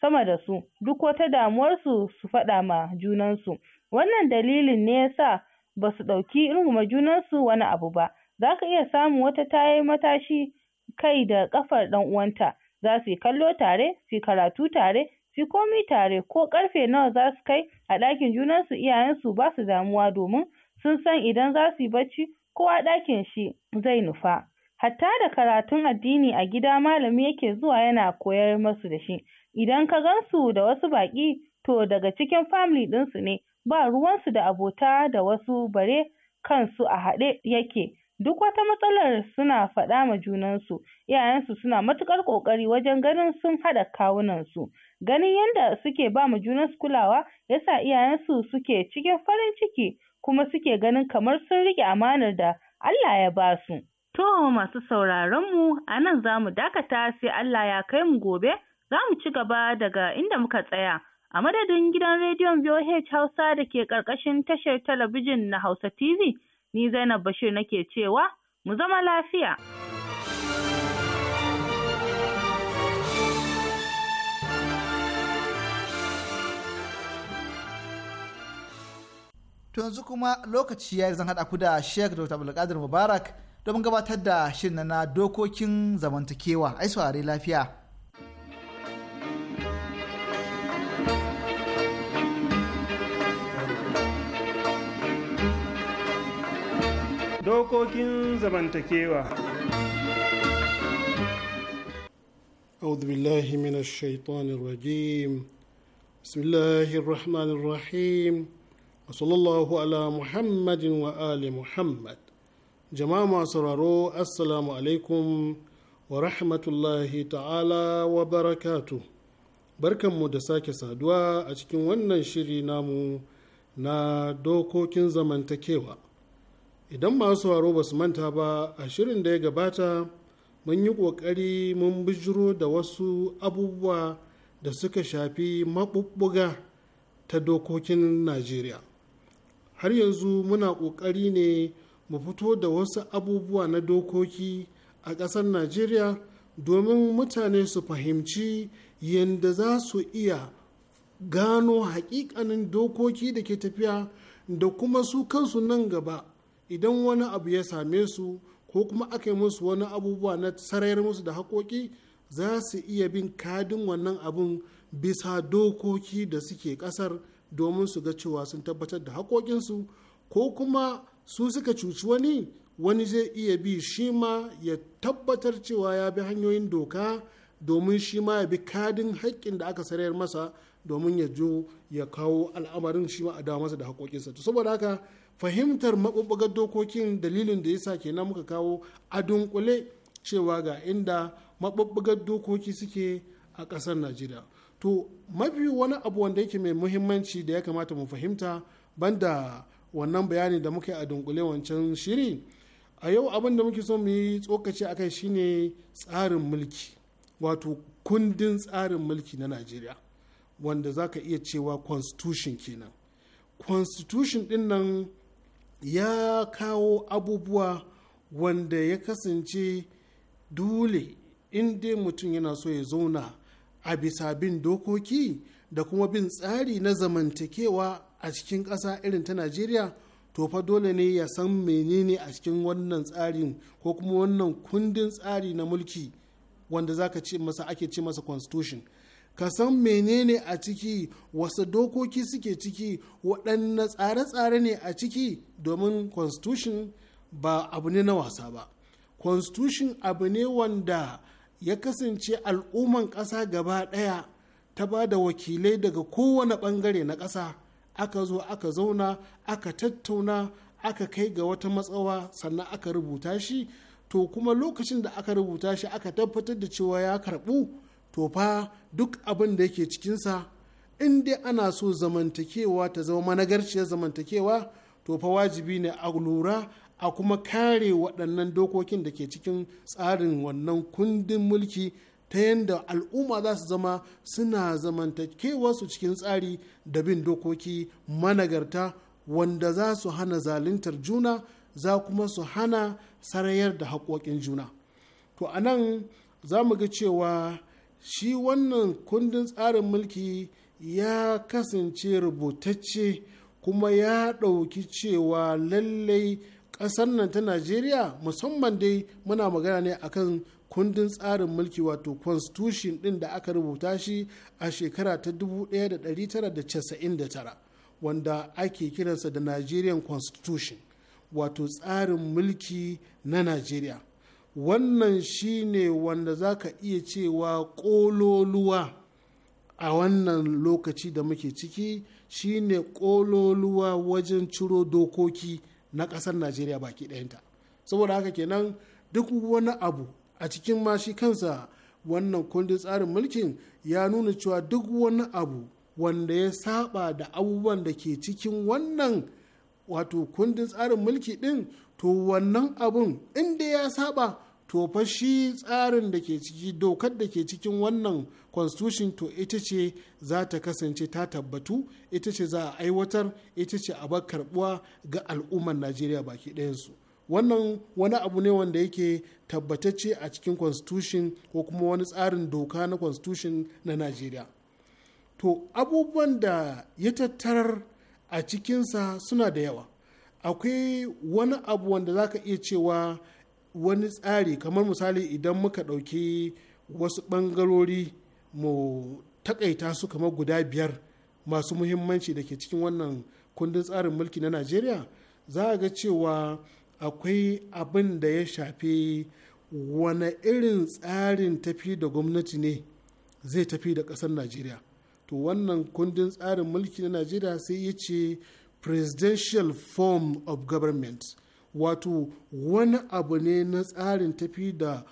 sama da su duk wata damuwar su su faɗa ma junansu wannan dalilin ne yasa ba su ɗauki junan junansu wani abu ba za ka iya samun wata ta matashi kai da ƙafar ɗan uwanta za su yi kallo tare su yi karatu tare su yi komi tare ko ƙarfe nawa za su kai a ɗakin junansu iyayensu ba su damuwa domin sun san idan za su yi bacci kowa ɗakin shi zai nufa hatta da karatun addini a gida malami yake zuwa yana koyar masu da shi idan ka gansu da wasu baƙi to daga cikin family ɗinsu ne ba ruwansu da abota da wasu bare kansu a haɗe yake duk wata matsalar suna faɗa ma junansu iyayensu suna matuƙar ƙoƙari wajen ganin sun haɗa kawunansu ganin yadda suke ba ma junansu kulawa yasa iyayensu suke cikin farin ciki kuma suke ganin kamar sun riƙe amanar da Allah ya ba su. To masu sauraronmu a nan za mu dakata sai Allah ya kai mu gobe za mu ci gaba daga inda muka tsaya. A madadin gidan rediyon VOH Hausa da ke karkashin tashar talabijin na Hausa TV, ni Zainab Bashir nake cewa mu zama lafiya. To yanzu kuma lokaci ya zan haɗa ku da Sheikh Dr. Abdulkadir Mubarak Don gabatar da shirin na dokokin zamantakewa ai saurare lafiya. Dokokin zamantakewa أعوذ بالله من الشيطان الرجيم بسم الله الرحمن الرحيم وصلى الله على محمد وآل محمد jama'a masu sauraro assalamu alaikum wa rahmatullahi ta'ala wa barakatu barkanmu da sake saduwa a cikin wannan shiri namu na dokokin zamantakewa idan masu sauraro ba su manta ba a shirin da ya gabata mun yi ƙoƙari mun bijiro da wasu abubuwa da suka shafi maɓuɓɓuga ta dokokin najeriya har yanzu muna ƙoƙari ne mu fito da wasu abubuwa na dokoki a ƙasar najeriya domin mutane su fahimci yadda za su iya gano hakikanin dokoki da ke tafiya da kuma su kansu nan gaba idan wani abu ya same su ko kuma aka yi musu wani abubuwa na sarayar musu da haƙoƙi za su iya bin kadin wannan abun bisa dokoki da suke ƙasar domin su ga cewa sun tabbatar da haƙoƙinsu ko kuma su suka cuci wani wani zai iya bi shi ma ya tabbatar cewa ya bi hanyoyin doka domin shi ma ya bi kadin haƙƙin da aka sarayar masa domin ya jo ya kawo al'amarin shi ma a dawo masa da haƙoƙinsa to saboda haka fahimtar maɓuɓɓugar dokokin dalilin da yasa kenan muka kawo a dunkule cewa ga inda maɓuɓɓugar dokoki suke a ƙasar najeriya to mafi wani abu wanda yake mai muhimmanci da ya kamata mu fahimta banda wannan bayani da muka yi a dunkule wancan shiri a yau abin da muke so mu yi tsokaci a kai shine tsarin mulki wato kundin tsarin mulki na najeriya wanda za ka iya cewa constitution kenan constitution din nan ya kawo abubuwa wanda ya kasance dole inda mutum yana so ya zauna a bisa bin dokoki da kuma bin tsari na zamantakewa a cikin ƙasa irin ta najeriya to fa dole ne ya san menene a cikin wannan tsarin ko kuma wannan kundin tsari na mulki wanda za ka ce masa ake ce masa constitution ka san menene a ciki wasu dokoki suke ciki waɗanne tsare-tsare ne a ciki domin constitution ba abu ne na wasa ba constitution abu ne wanda ya kasance al'umman ƙasa gaba ɗaya ta ba da wakilai daga kowane ɓangare na ƙasa aka zo aka zauna aka tattauna aka kai ga wata matsawa sannan aka rubuta shi to kuma lokacin da aka rubuta shi aka tabbatar da cewa ya karbu to fa duk abin da yake cikinsa in dai ana so zamantakewa ta zama managarciyar zamantakewa to fa wajibi ne a lura a kuma kare waɗannan dokokin da ke cikin tsarin wannan kundin mulki ta yadda al'umma za su zama suna zamantakewa su cikin tsari da bin dokoki managarta wanda za su hana zaluntar juna za kuma su hana sarayar da haƙoƙin juna to a nan za mu ga cewa shi wannan kundin tsarin mulki ya kasance rubutacce kuma ya ɗauki cewa lallai ƙasar nan ta najeriya musamman dai muna magana ne akan kundin tsarin mulki wato constitution din da aka rubuta shi a shekara ta 1999 wanda ake kiransa da nigerian constitution wato tsarin mulki na nigeria wannan shine wanda za ka iya cewa kololuwa a wannan lokaci da muke ciki shine kololuwa wajen ciro dokoki na ƙasar najeriya baki ɗayanta saboda haka kenan duk wani abu a cikin mashi kansa wannan kundin tsarin mulkin ya nuna cewa duk wani abu wanda ya saba da abubuwan da ke cikin wannan wato kundin tsarin mulki din to wannan abun inda ya saba to fa shi tsarin da ke ciki dokar da ke cikin wannan constitution to ita ce za ta kasance ta tabbatu ita ce za a aiwatar ita ce a bar karbuwa ga al'ummar najeriya baki ɗayansu wannan wani abu ne wanda yake tabbatacce a cikin constitution ko kuma wani tsarin doka na constitution na najeriya to abubuwan da ya tattarar a cikinsa suna da yawa akwai wani abu wanda za ka iya cewa wani tsari kamar misali idan muka ɗauki wasu bangarori mu takaita su kamar guda biyar masu muhimmanci da ke cikin wannan kundin tsarin mulki na najeriya za a ga cewa akwai abin da ya shafi wane irin tsarin tafi da gwamnati ne zai tafi da ƙasar najeriya to wannan kundin tsarin mulki na najeriya sai ya ce presidential form of government wato wani abu ne na tsarin tafi da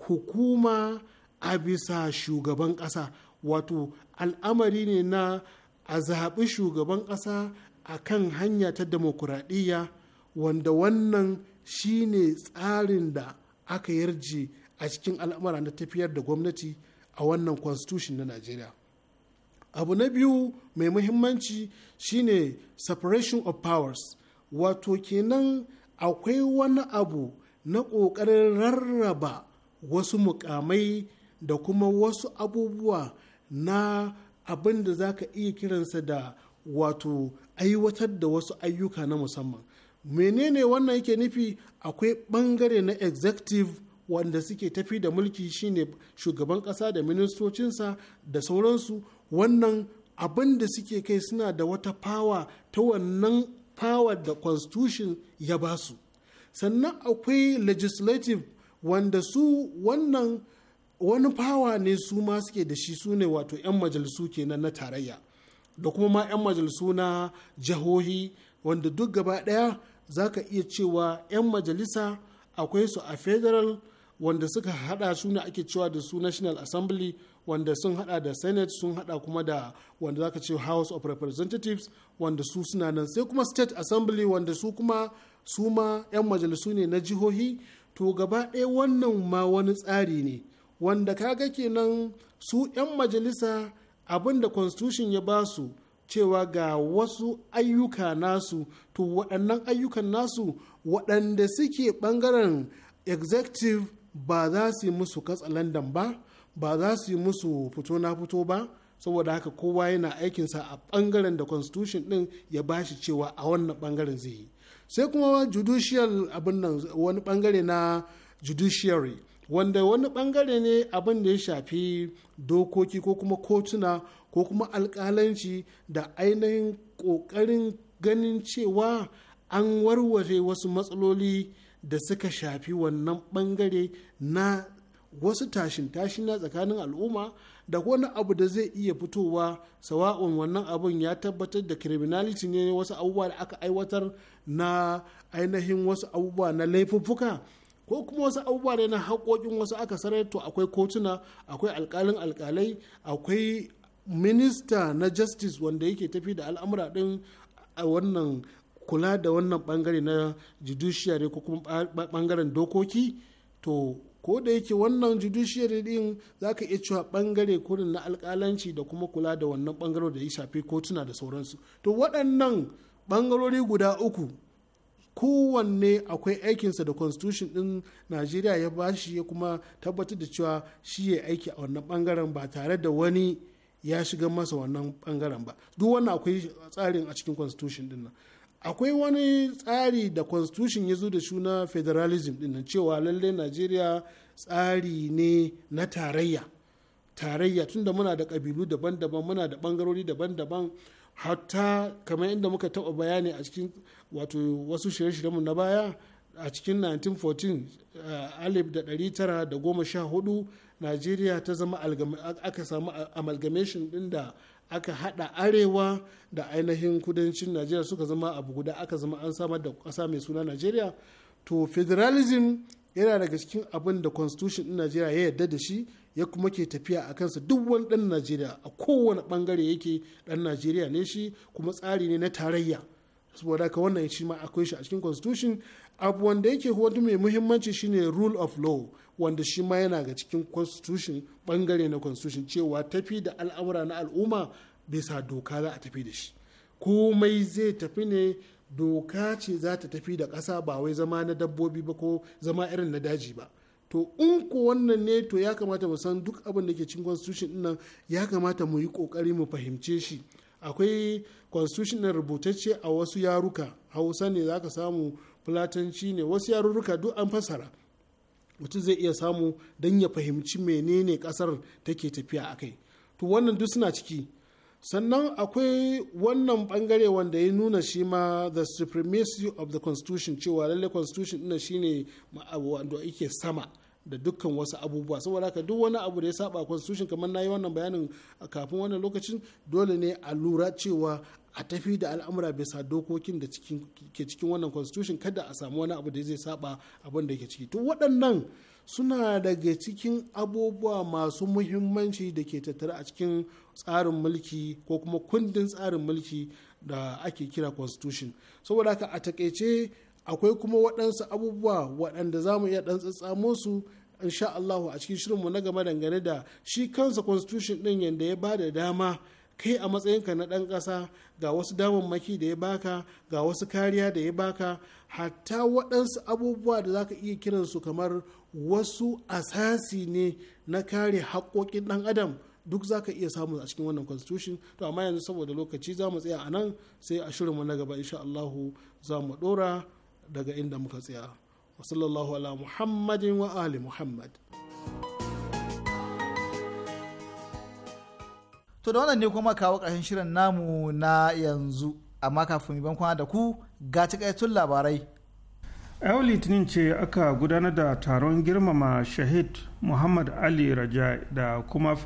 hukuma a bisa shugaban ƙasa wato al'amari ne na a zaɓi shugaban ƙasa a kan hanya ta demokuraɗiyya wanda wannan shi ne tsarin da aka yarje a cikin al'amura na tafiyar da gwamnati a wannan constitution na najeriya abu na biyu mai muhimmanci shi ne separation of powers wato kenan akwai wani abu na ƙoƙarin rarraba wasu mukamai da kuma wasu abubuwa na abin da za ka iya kiransa da wato aiwatar da wasu ayyuka na musamman menene wannan yake nufi akwai bangare na executive wanda suke tafi da mulki shine shugaban kasa da ministocinsa da sauransu wannan abin da suke kai suna da wata fawa ta wannan fawa da constitution ya ba su sannan akwai legislative wanda su wannan wani fawa ne su ma suke da shi su ne wato 'yan majalisu kenan na tarayya da kuma ma 'yan majalisu na jihohi wanda duk gaba ɗaya za ka iya cewa 'yan majalisa akwai su a federal wanda suka hada suna ake cewa da su national assembly wanda sun hada da senate sun hada kuma da wanda za ka ce house of representatives wanda su suna nan sai kuma state assembly wanda su kuma su ma 'yan majalisu ne na jihohi to gaba ɗaya wannan ma wani tsari ne wanda kaga kenan su 'yan majalisa abinda da constitution ya ba su cewa ga wasu ayyuka nasu to waɗannan ayyukan nasu waɗanda suke ɓangaren executive ba za su yi musu katsalandan ba ba za su yi musu fito na fito ba saboda haka kowa yana aikinsa a ɓangaren da constitution ɗin ya ba shi cewa a wannan ɓangaren zai yi sai kuma judicial abin nan wani ɓangare na judiciary wanda wani bangare ne abin da ya shafi dokoki ko kuma kotuna ko kuma alkalanci da ainihin kokarin ganin cewa an warware wasu matsaloli da suka shafi wannan bangare na wasu tashin na tsakanin al'umma da wani abu da zai iya fitowa sawa'un wannan abun ya tabbatar da criminality ne wasu abubuwa da aka aiwatar na ainihin wasu abubuwa na laifuffuka ko kuma wasu abubuwa ne na haƙoƙin wasu aka sarar to akwai kotuna akwai alƙalin alƙalai akwai minista na justice wanda yake tafi da al'amura ɗin a wannan kula da wannan ɓangare na judiciary ko kuma ɓangaren dokoki to ko da yake wannan judiciary din za ka iya cewa bangare kurin na alkalanci da kuma kula da wannan ɓangaro da ya shafi kotuna da sauransu to waɗannan ɓangarori guda uku kowanne akwai aikinsa da constitution din najeriya ya bashi ya kuma tabbatar da cewa shi ya aiki a wannan bangaren ba tare da wani ya shiga masa wannan bangaren ba duk wannan akwai tsarin a cikin constitution din nan akwai wani tsari da constitution ya zo da shuna federalism din nan cewa lallai najeriya tsari ne na tarayya tarayya tunda muna da kabilu daban-daban muna da bangarori daban-daban hatta kamar inda muka taɓa bayani a cikin wato wasu shirye-shiryenmu na baya a cikin 1914 eh, alif da tara da goma hudu najeriya ta zama aka samu amalgamation din da aka hada arewa da ainihin kudancin najeriya suka zama abu guda aka zama an samar da ƙasa mai suna najeriya to federalism yana daga cikin abin da constitution din najeriya ya yarda da shi ya kuma ke tafiya a kansa duk wani dan najeriya a kowane bangare yake ɗan najeriya ne shi kuma tsari ne na tarayya saboda haka wannan shi ma akwai shi a cikin constitution abu wanda yake wani mai muhimmanci shine rule of law wanda shi ma yana ga cikin constitution bangare na constitution cewa tafi da al'amura na al'umma bisa doka za a tafi da shi komai zai tafi ne doka ce za ta tafi da ƙasa ba wai zama na dabbobi ba ko zama irin na daji ba to in ku wannan ne to ya kamata mu san duk abin da ke cikin constitution din nan ya kamata mu yi kokari mu fahimce shi akwai constitution na rubutacce a wasu yaruka hausa ne za ka samu fulatanci ne wasu yarurruka duk an fasara mutum zai iya samu don ya fahimci menene kasar take tafiya a kai to wannan duk suna ciki sannan akwai wannan bangare wanda ya nuna shi ma the supremacy of the constitution cewa lalle constitution ɗin shine wanda yake sama da dukkan wasu abubuwa saboda haka duk wani abu da ya saba constitution kamar na yi wannan bayanin kafin wannan lokacin dole ne a lura cewa a tafi da al'amura bisa dokokin da ke cikin wannan constitution kada a samu wani abu da zai saba abin da ke ciki to waɗannan suna daga cikin abubuwa masu muhimmanci da ke tattare a cikin tsarin mulki ko kuma kundin tsarin mulki da ake kira constitution saboda haka a takaice akwai kuma waɗansu abubuwa waɗanda za mu iya ɗan tsatsamo su insha a cikin shirinmu na game dangane da shi kansa constitution ɗin yadda ya ba da dama kai a matsayinka na ɗan ƙasa ga wasu damammaki da ya baka ga wasu kariya da ya baka hatta waɗansu abubuwa da za ka iya kiransu kamar wasu asasi ne na kare haƙoƙin ɗan adam duk za ka iya samu a cikin wannan constitution to amma yanzu saboda lokaci za mu tsaya a nan sai a shirinmu na gaba insha Allah za mu ɗora daga inda muka tsaya wa sallallahu ala muhammadin wa ali muhammad to da wannan ne kuma kawo ƙarshen shirin namu na yanzu amma kafin ban kwana da ku ga takaitun labarai yau litinin ce aka gudanar da taron girmama shahid muhammad ali raja da kuma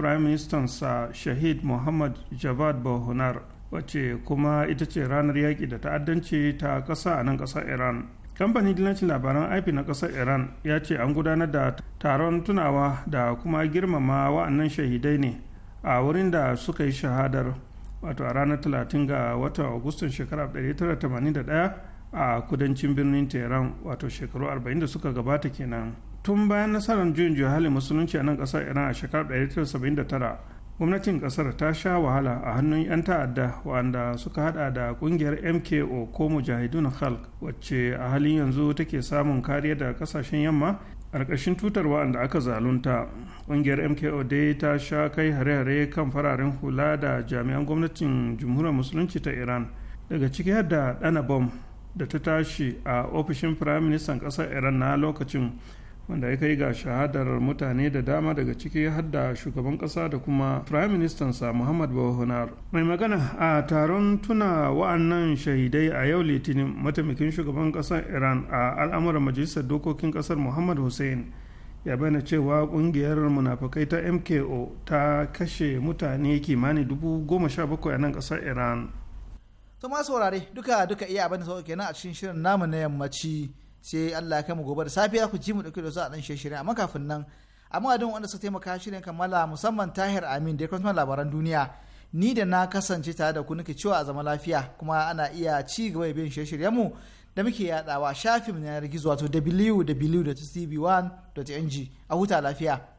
sa shahid muhammad javad bahunar wacce kuma ita ce ranar yaƙi da ta'addanci ta ƙasa a nan ƙasar iran kamfanin dillancin labaran ip na ƙasar iran ya ce an gudanar da taron tunawa da kuma girmama wa'annan shahidai ne a wurin da suka yi shahadar wato a ranar 30 ga watan agustan shekarar 1981 a kudancin birnin tehran wato shekaru 40 da suka gabata kenan tun bayan nasarar juyin juhali musulunci a nan kasar iran a shekarar 1979 gwamnatin kasar ta sha wahala a hannun 'yan ta'adda wanda suka hada da kungiyar mko ko mujahidun khalq wacce a halin yanzu take samun kariya daga kasashen yamma ƙarƙashin tutar wa'anda aka zalunta ƙungiyar mko dai ta sha kai hare-hare kan fararen hula da jami'an gwamnatin jamhuriyar musulunci ta iran daga ciki har da ɗana bom da ta tashi a ofishin firaministan ƙasar iran na lokacin wanda ya kai ga shahadar mutane da dama daga ciki hadda shugaban kasa da kuma prime minister sa muhammad bahunar mai magana a taron tuna wa'annan shahidai a yau litinin mataimakin shugaban kasar iran a al'amuran majalisar dokokin kasar muhammad hussein ya bayyana cewa kungiyar munafakai ta mko ta kashe mutane kimanin dubu goma sha bakwai a nan kasar iran to ma saurare duka duka iya abin da sauka kenan a cikin shirin namu na yammaci sai Allah ya kama gobe da safiya ku ji mu dauke da su a dan shirye amma kafin nan amma adon wanda suka taimaka shirin kammala musamman Tahir Amin da kuma labaran duniya ni da na kasance tare da ku nake cewa a zama lafiya kuma ana iya ci gaba da bin shirye mu da muke yadawa shafin na yanar gizo wato www.tv1.ng a huta lafiya.